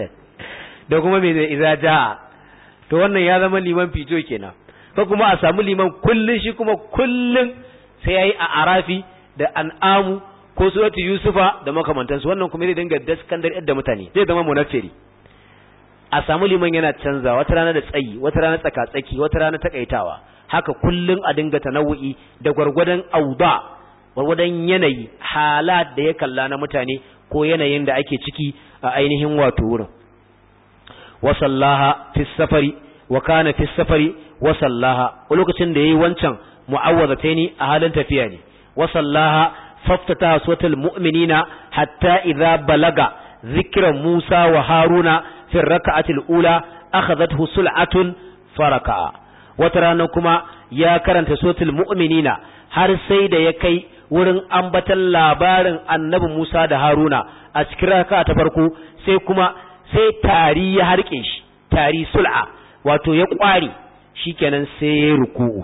da kuma mai iza ja to wannan ya zama liman fito kenan ko kuma a samu liman kullum shi kuma kullum sai yayi a arafi da an'amu ko suratu yusufa da makamantansu wannan kuma zai dinga daskandar yadda mutane zai zama munafiri a samu liman yana canza wata rana da tsayi wata rana tsaka tsaki wata rana takaitawa haka kullun a dinga nau'i da gwargwadon auda gwargwadon yanayi halat da ya kalla na mutane ko yanayin da ake ciki a ainihin wato wurin wa sallaha fi safari wa kana fi safari wa sallaha lokacin da yayi wancan mu'awwazataini a halin tafiya ne wa sallaha faftata suratul mu'minina hatta idza balaga zikra Musa wa Haruna fi raka'ati al-ula akhadathu sul'atun faraka wata rana kuma ya karanta suratul mu'minina har sai da ya kai wurin ambatan labarin annabi Musa da Haruna a cikin raka ta farko sai kuma sai tari ya harke shi tari sul'a wato ya kware shikenan sai ya ruku'u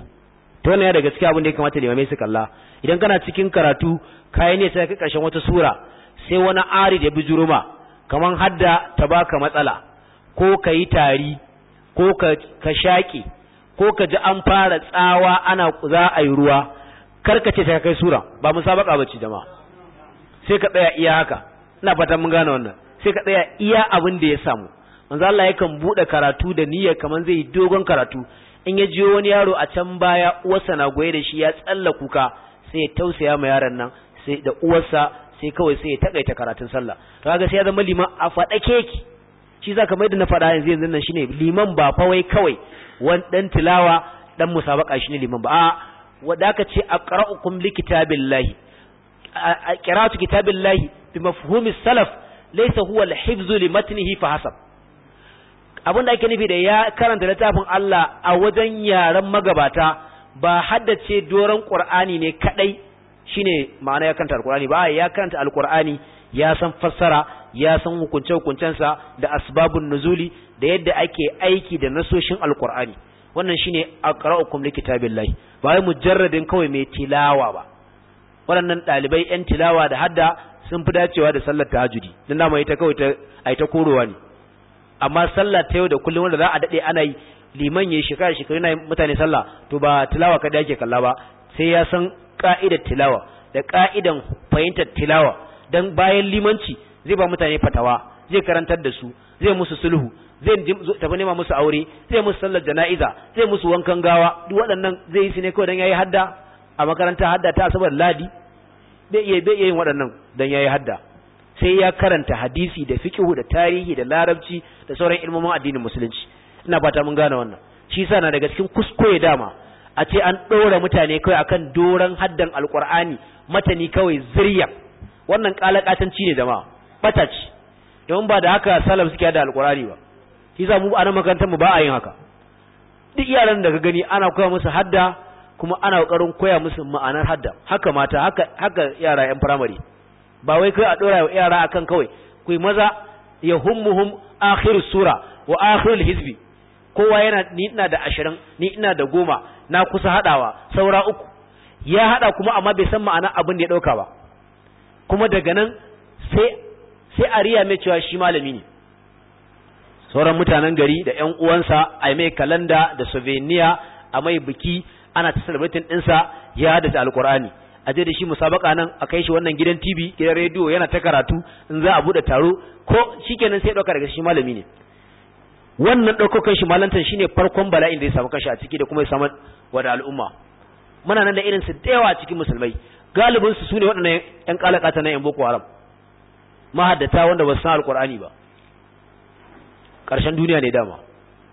to wannan ya daga cikin abin da ya kamata limamai su kalla idan kana cikin karatu kai ne sai ka karshen wata sura sai wani ari da bijuruma kaman hadda ta baka matsala ko ka yi tari ko ka shaƙi ko ka ji an fara tsawa ana za a yi ruwa karkace ta kai sura ba mu ba ci jama'a sai ka tsaya iya haka ina fatan mun gane wannan sai ka tsaya iya abin da ya samu manzo Allah yakan bude karatu da niyya kaman zai yi dogon karatu in ya jiyo wani yaro a can baya uwarsa na goye da shi ya tsalla kuka sai ya tausaya ma yaron nan sai da uwarsa sai kawai sai ya takaita karatun sallah to kaga sai ya zama liman a faɗake keke shi za kamar yadda na faɗa yanzu yanzu nan shine liman ba fa wai kawai wan dan tilawa dan musabaka shine liman ba a wanda ka ce aqra'ukum li kitabillahi qira'atu kitabillahi bi mafhumi salaf laysa huwa al li matnihi fa hasab abinda ake nufi da ya karanta littafin Allah a wajen yaren magabata ba haddace doron Qur'ani ne kadai shine ma'ana ya karanta alqur'ani ba ya karanta alkur'ani ya san fassara ya san hukunce hukuncensa da asbabun nuzuli da yadda ake aiki da nasoshin alkur'ani wannan shine aqra'ukum likitabillahi ba wai mujarradin kawai mai tilawa ba waɗannan ɗalibai yan tilawa da hadda sun fi dacewa da sallar tahajjudi dan da mai ta kawai ta ai ta korowa ne amma sallar ta yau da kullum wanda za a dade ana yi liman ya shekara shekaru na mutane sallah to ba tilawa kada ake kalla ba sai ya san ka'idar tilawa da ka'idan fahimtar tilawa dan bayan limanci zai ba mutane fatawa zai karantar da su zai musu sulhu zai tafi nema musu aure zai musu sallar jana'iza zai musu wankan gawa duk waɗannan zai yi su ne kawai dan yayi hadda a makaranta hadda ta asabar ladi bai iya bai iya yin waɗannan dan yayi hadda sai ya karanta hadisi da fiqhu da tarihi da larabci da sauran ilmomin addinin musulunci ina fata mun gane wannan shi sa na daga cikin kuskure dama a ce an ɗora mutane kawai akan doran haddan alƙur'ani matani kawai zirya wannan ƙalaƙatanci ne da bata ce domin ba da haka salam suke da alƙur'ani ba shi za mu a nan makarantar mu ba a yin haka duk yaran da ka gani ana koya musu hadda kuma ana ƙoƙarin koya musu ma'anar hadda haka mata haka haka yara yan firamare ba wai kai a wa yara akan kawai ku maza yahummuhum akhir sura wa akhirul hizbi kowa yana ni ina da ashirin ni ina da goma na kusa haɗawa saura uku ya haɗa kuma amma bai san ma'ana abin da ya ɗauka ba kuma daga nan sai sai a mai cewa shi malami ne sauran mutanen gari da ƴan uwansa a mai kalanda da souvenir a mai biki ana ta celebrating ɗinsa ya da alkur'ani a je da shi musabaka nan a kai shi wannan gidan TV gidan rediyo yana ta karatu in za a bude taro ko shikenan sai dauka daga shi malami ne wannan ɗaukakan shi malantan shine farkon bala'in da ya samu kashi a ciki da kuma ya samu wada al'umma muna nan da irin su da yawa a cikin musulmai galibin su sune waɗannan ƴan kalakata na ƴan boko haram mahaddata wanda ba su san alqur'ani ba ƙarshen duniya ne dama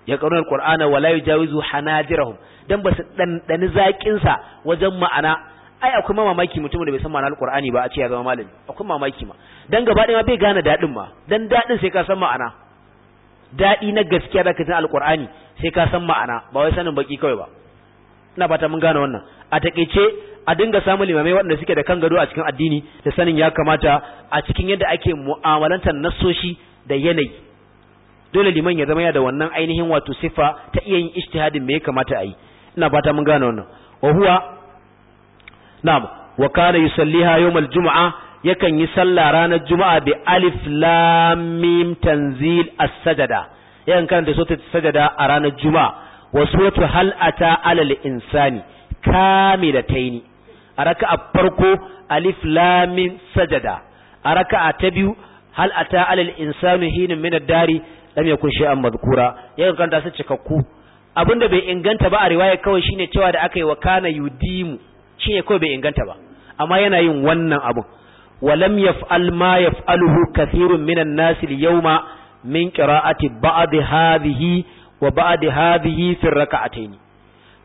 ya karuna alqur'ana wala yujawizu hanajirahum dan ba su dandani zakin sa wajen ma'ana ai akwai ma mamaki mutumin da bai san ma'anar alqur'ani ba a ce ya zama malami akwai mamaki ma dan gaba ɗaya bai gane dadin ma dan dadin sai ka san ma'ana daɗi na gaskiya da katin alkur'ani sai ka san ma'ana ba wai sanin baki kawai ba ina fata mun gane wannan a takeice a dinga samun limamai waɗanda suke da kan gado a cikin addini da sanin ya kamata a cikin yadda ake mu'amalantar nasoshi da yanayi dole liman ya zama ya da wannan ainihin wato sifa ta iya yin ijtihadin me ya kamata a yi ina fata mun gane wannan wa huwa na'am wa kana yusalliha yawmal jumu'a yakan yi sallah ranar juma'a bi alif lam mim tanzil as-sajada yakan karanta suratul sajada a ranar juma'a wa suratul hal ata alal insani kamilataini a raka'a farko alif lam mim sajada a raka'a ta biyu hal ata alal insani hinin min ad-dari lam yakun shay'an madhkura yakan karanta su cikakku abinda bai inganta ba a riwaya kawai shine cewa da aka yi wa kana yudimu shine kawai bai inganta ba amma yana yin wannan abun ولم يفعل ما يفعله كثير من الناس اليوم من قراءة بعض هذه وبعض هذه في الركعتين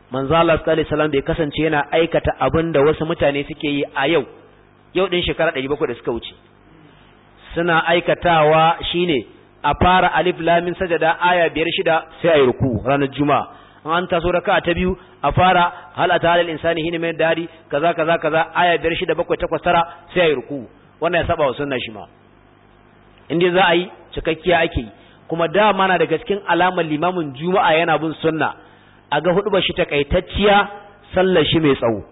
manzo Allah sallallahu alaihi wasallam bai kasance yana aikata abin da wasu mutane suke yi a yau yau ɗin shekara 700 da suka wuce suna aikatawa shine a fara alif lam sajada aya biyar shida sai a yi ruku ranar juma'a an taso raka ta biyu a fara hal ata halal insani hina mai dadi kaza kaza kaza aya biyar shida bakwai takwas tara sai ya ruku wannan ya saba wa sunna shi ma in dai za a yi cikakkiya ake yi kuma da na daga cikin alamar limamin juma'a yana bin sunna a ga hudu shi takaitacciya sallar shi mai tsawo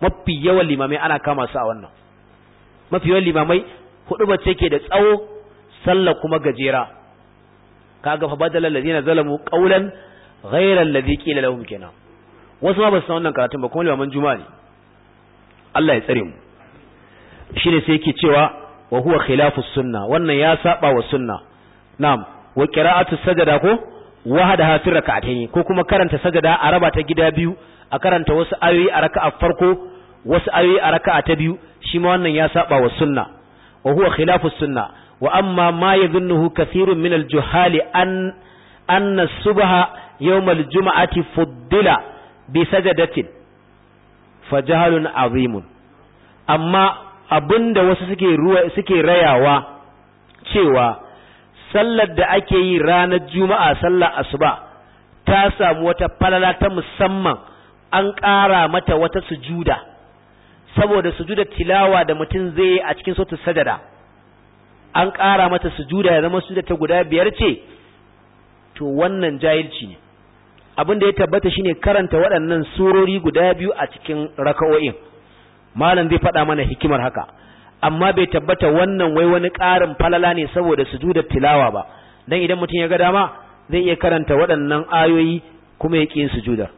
mafi yawan limamai ana kama su a wannan mafi yawan limamai hudu ce ke da tsawo sallar kuma gajera kaga fa badala allazina zalamu qawlan ghairal ladhi qila lahum kenan wasu ma ba su san wannan karatun ba kuma limaman juma'a ne Allah ya tsare mu shine sai yake cewa wa huwa khilafu sunna wannan ya saba wa sunna na'am wa qira'atu sajada ko wahada ha fir rak'atayn ko kuma karanta sajada a raba ta gida biyu a karanta wasu ayoyi a raka'a farko wasu ayoyi a raka'a ta biyu shi ma wannan ya saba wa sunna wa huwa khilafu sunna wa amma ma yadhunnuhu kathirun min al-juhali an anna subha yawmal juma'ati fuddila bi sajadatin fa jahalun azimun amma abinda wasu suke ruwa suke rayawa cewa sallar da ake yi ranar juma'a sallar asuba ta samu wata falala ta musamman an ƙara mata wata sujuda saboda sujuda tilawa da mutum zai yi a cikin sautin sajada an ƙara mata sujuda ya zama sujuda ta guda biyar ce to wannan jahilci ne abin da ya tabbata shine karanta waɗannan surori guda biyu a cikin raka'o'in malam zai faɗa mana hikimar haka amma bai tabbata wannan wai wani ƙarin falala ne saboda su da tilawa ba dan idan mutum ya ga dama zai iya karanta waɗannan ayoyi kuma ya ƙi sujudar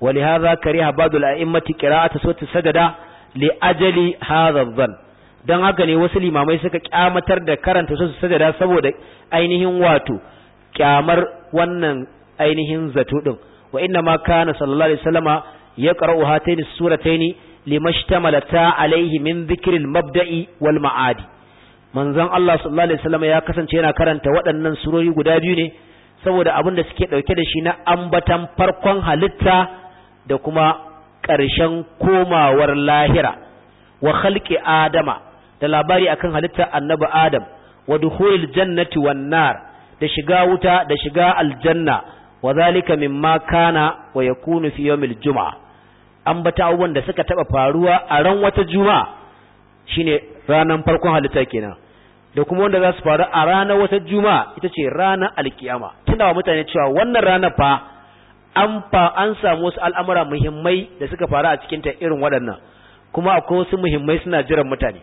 ولهذا كره بعض الأئمة قراءة سورة السجدة لأجل هذا الظن dan haka ne wasu limamai suka kyamatar da karanta su sajada saboda ainihin wato kyamar wannan ainihin zato ɗin wa inna ma kana sallallahu alaihi wasallama yaqra'u hatayn suratayn limashtamalata alaihi min dhikril mabda'i wal ma'adi manzon Allah sallallahu alaihi wasallama ya kasance yana karanta waɗannan surori guda biyu ne saboda abin da suke ɗauke da shi na ambatan farkon halitta da kuma ƙarshen komawar lahira wa khalqi adama da labari akan halitta annabi adam wa dukhulil jannati wan nar da shiga wuta da shiga aljanna Wazalika zalika mimma kana wa yakunu fi yawmil juma'a an bata abubuwan da suka taba faruwa a ran wata juma'a shine ranan farkon halitta kenan da kuma wanda za su faru a ranar wata juma'a ita ce ranar alkiyama tunawa mutane cewa wannan ranar fa an fa an samu wasu al'amura muhimmai da suka faru a cikin ta irin waɗannan kuma akwai wasu muhimmai suna jiran mutane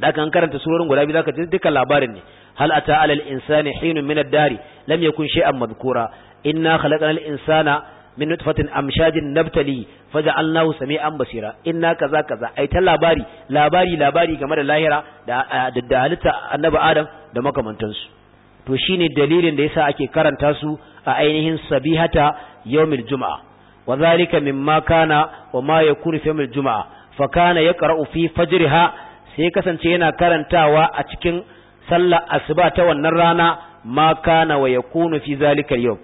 da kan karanta surorin guda biyu zaka ji dukkan labarin ne hal ata alal insani hinun min ad-dari lam yakun shay'an madhkura inna khalaqnal insana min nutfatin amshajin nabtali faja'alnahu sami'an basira inna kaza kaza ai ta labari labari labari game da lahira da da halitta annabi adam da makamantansu to shine dalilin da yasa ake karanta su a ainihin sabihata yawmil juma'a wa zalika mimma kana wa ma yakunu fi yawmil juma'a fa kana yaqra'u fi fajriha sai kasance yana karantawa a cikin sallar asuba ta wannan rana ma kana wa yakunu fi zalikal yawm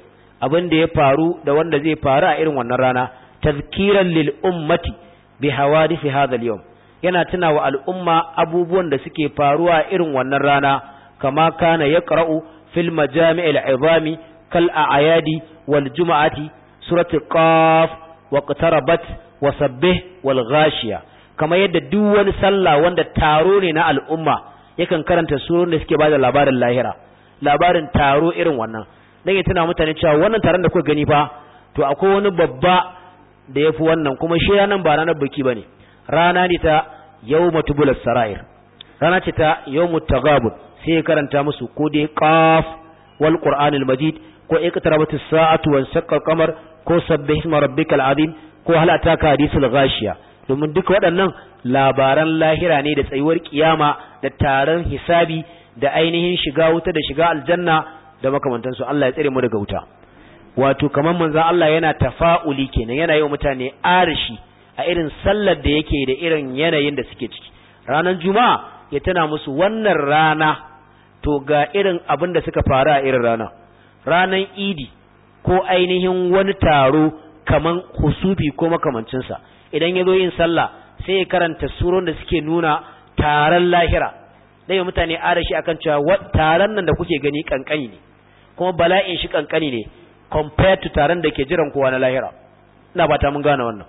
abin da ya faru da wanda zai faru a irin wannan rana tazkiran lil ummati bi hawadisi hadha al-yawm yana tuna wa al'umma abubuwan da suke faruwa a irin wannan rana kama kana yaqra'u fil al izami kal a'yadi wal juma'ati surati qaf waqtarabat wasabbih wal ghashiya kama yadda duk wani sallah wanda taro ne na al'umma yakan karanta surun da suke bada labarin lahira labarin taro irin wannan dan ya tuna mutane cewa wannan taron da kuka gani fa to akwai wani babba da yafi wannan kuma shi ranan ba ranar biki bane rana ne ta yawma tubulus sarair rana ce ta yawmut tagabud sai karanta musu ko dai qaf wal qur'anil majid ko iqtarabatis sa'atu wan saqqa qamar ko sabbih isma rabbikal azim ko hal ataka hadisul ghashiya domin duka waɗannan labaran lahira ne da tsayuwar kiyama da taron hisabi da ainihin shiga wuta da shiga aljanna da makamantansu Allah ya tsire mu daga wuta wato kamar manzo Allah yana tafa'uli kenan yana yi wa mutane arshi a irin sallar da yake da irin yanayin da suke ciki ranar juma'a ya tana musu wannan rana to ga irin abin da suka faru a irin rana ranar idi ko ainihin wani taro kaman husufi ko makamancinsa idan ya zo yin sallah sai ya karanta suron da suke nuna taron lahira dai mutane arashi akan cewa taron nan da kuke gani kankani ne kuma bala'in shi kankani ne compared to taron da ke jiran kowa na lahira ina ba mun gane wannan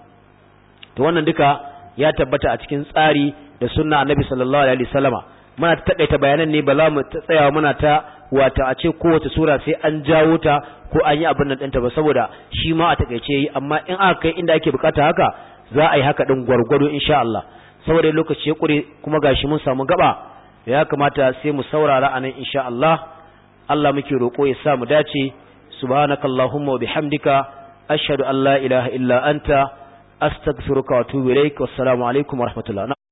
to wannan duka ya tabbata a cikin tsari da sunna annabi sallallahu alaihi wasallama muna ta takaita bayanan ne ba za mu tsaya muna ta wata a ce kowace sura sai an jawo ta ko an yi abin nan ɗinta ba saboda shi ma a takaice yi amma in aka kai inda ake bukata haka za a yi haka ɗin gwargwado insha Allah saboda lokaci ya ƙure kuma gashi mun samu gaba ya kamata sai mu saurara a nan insha Allah Allah muke roƙo ya sa mu dace subhanakallahumma wa bihamdika ashhadu an la ilaha illa anta astaghfiruka wa atubu ilaik wassalamu alaikum warahmatullahi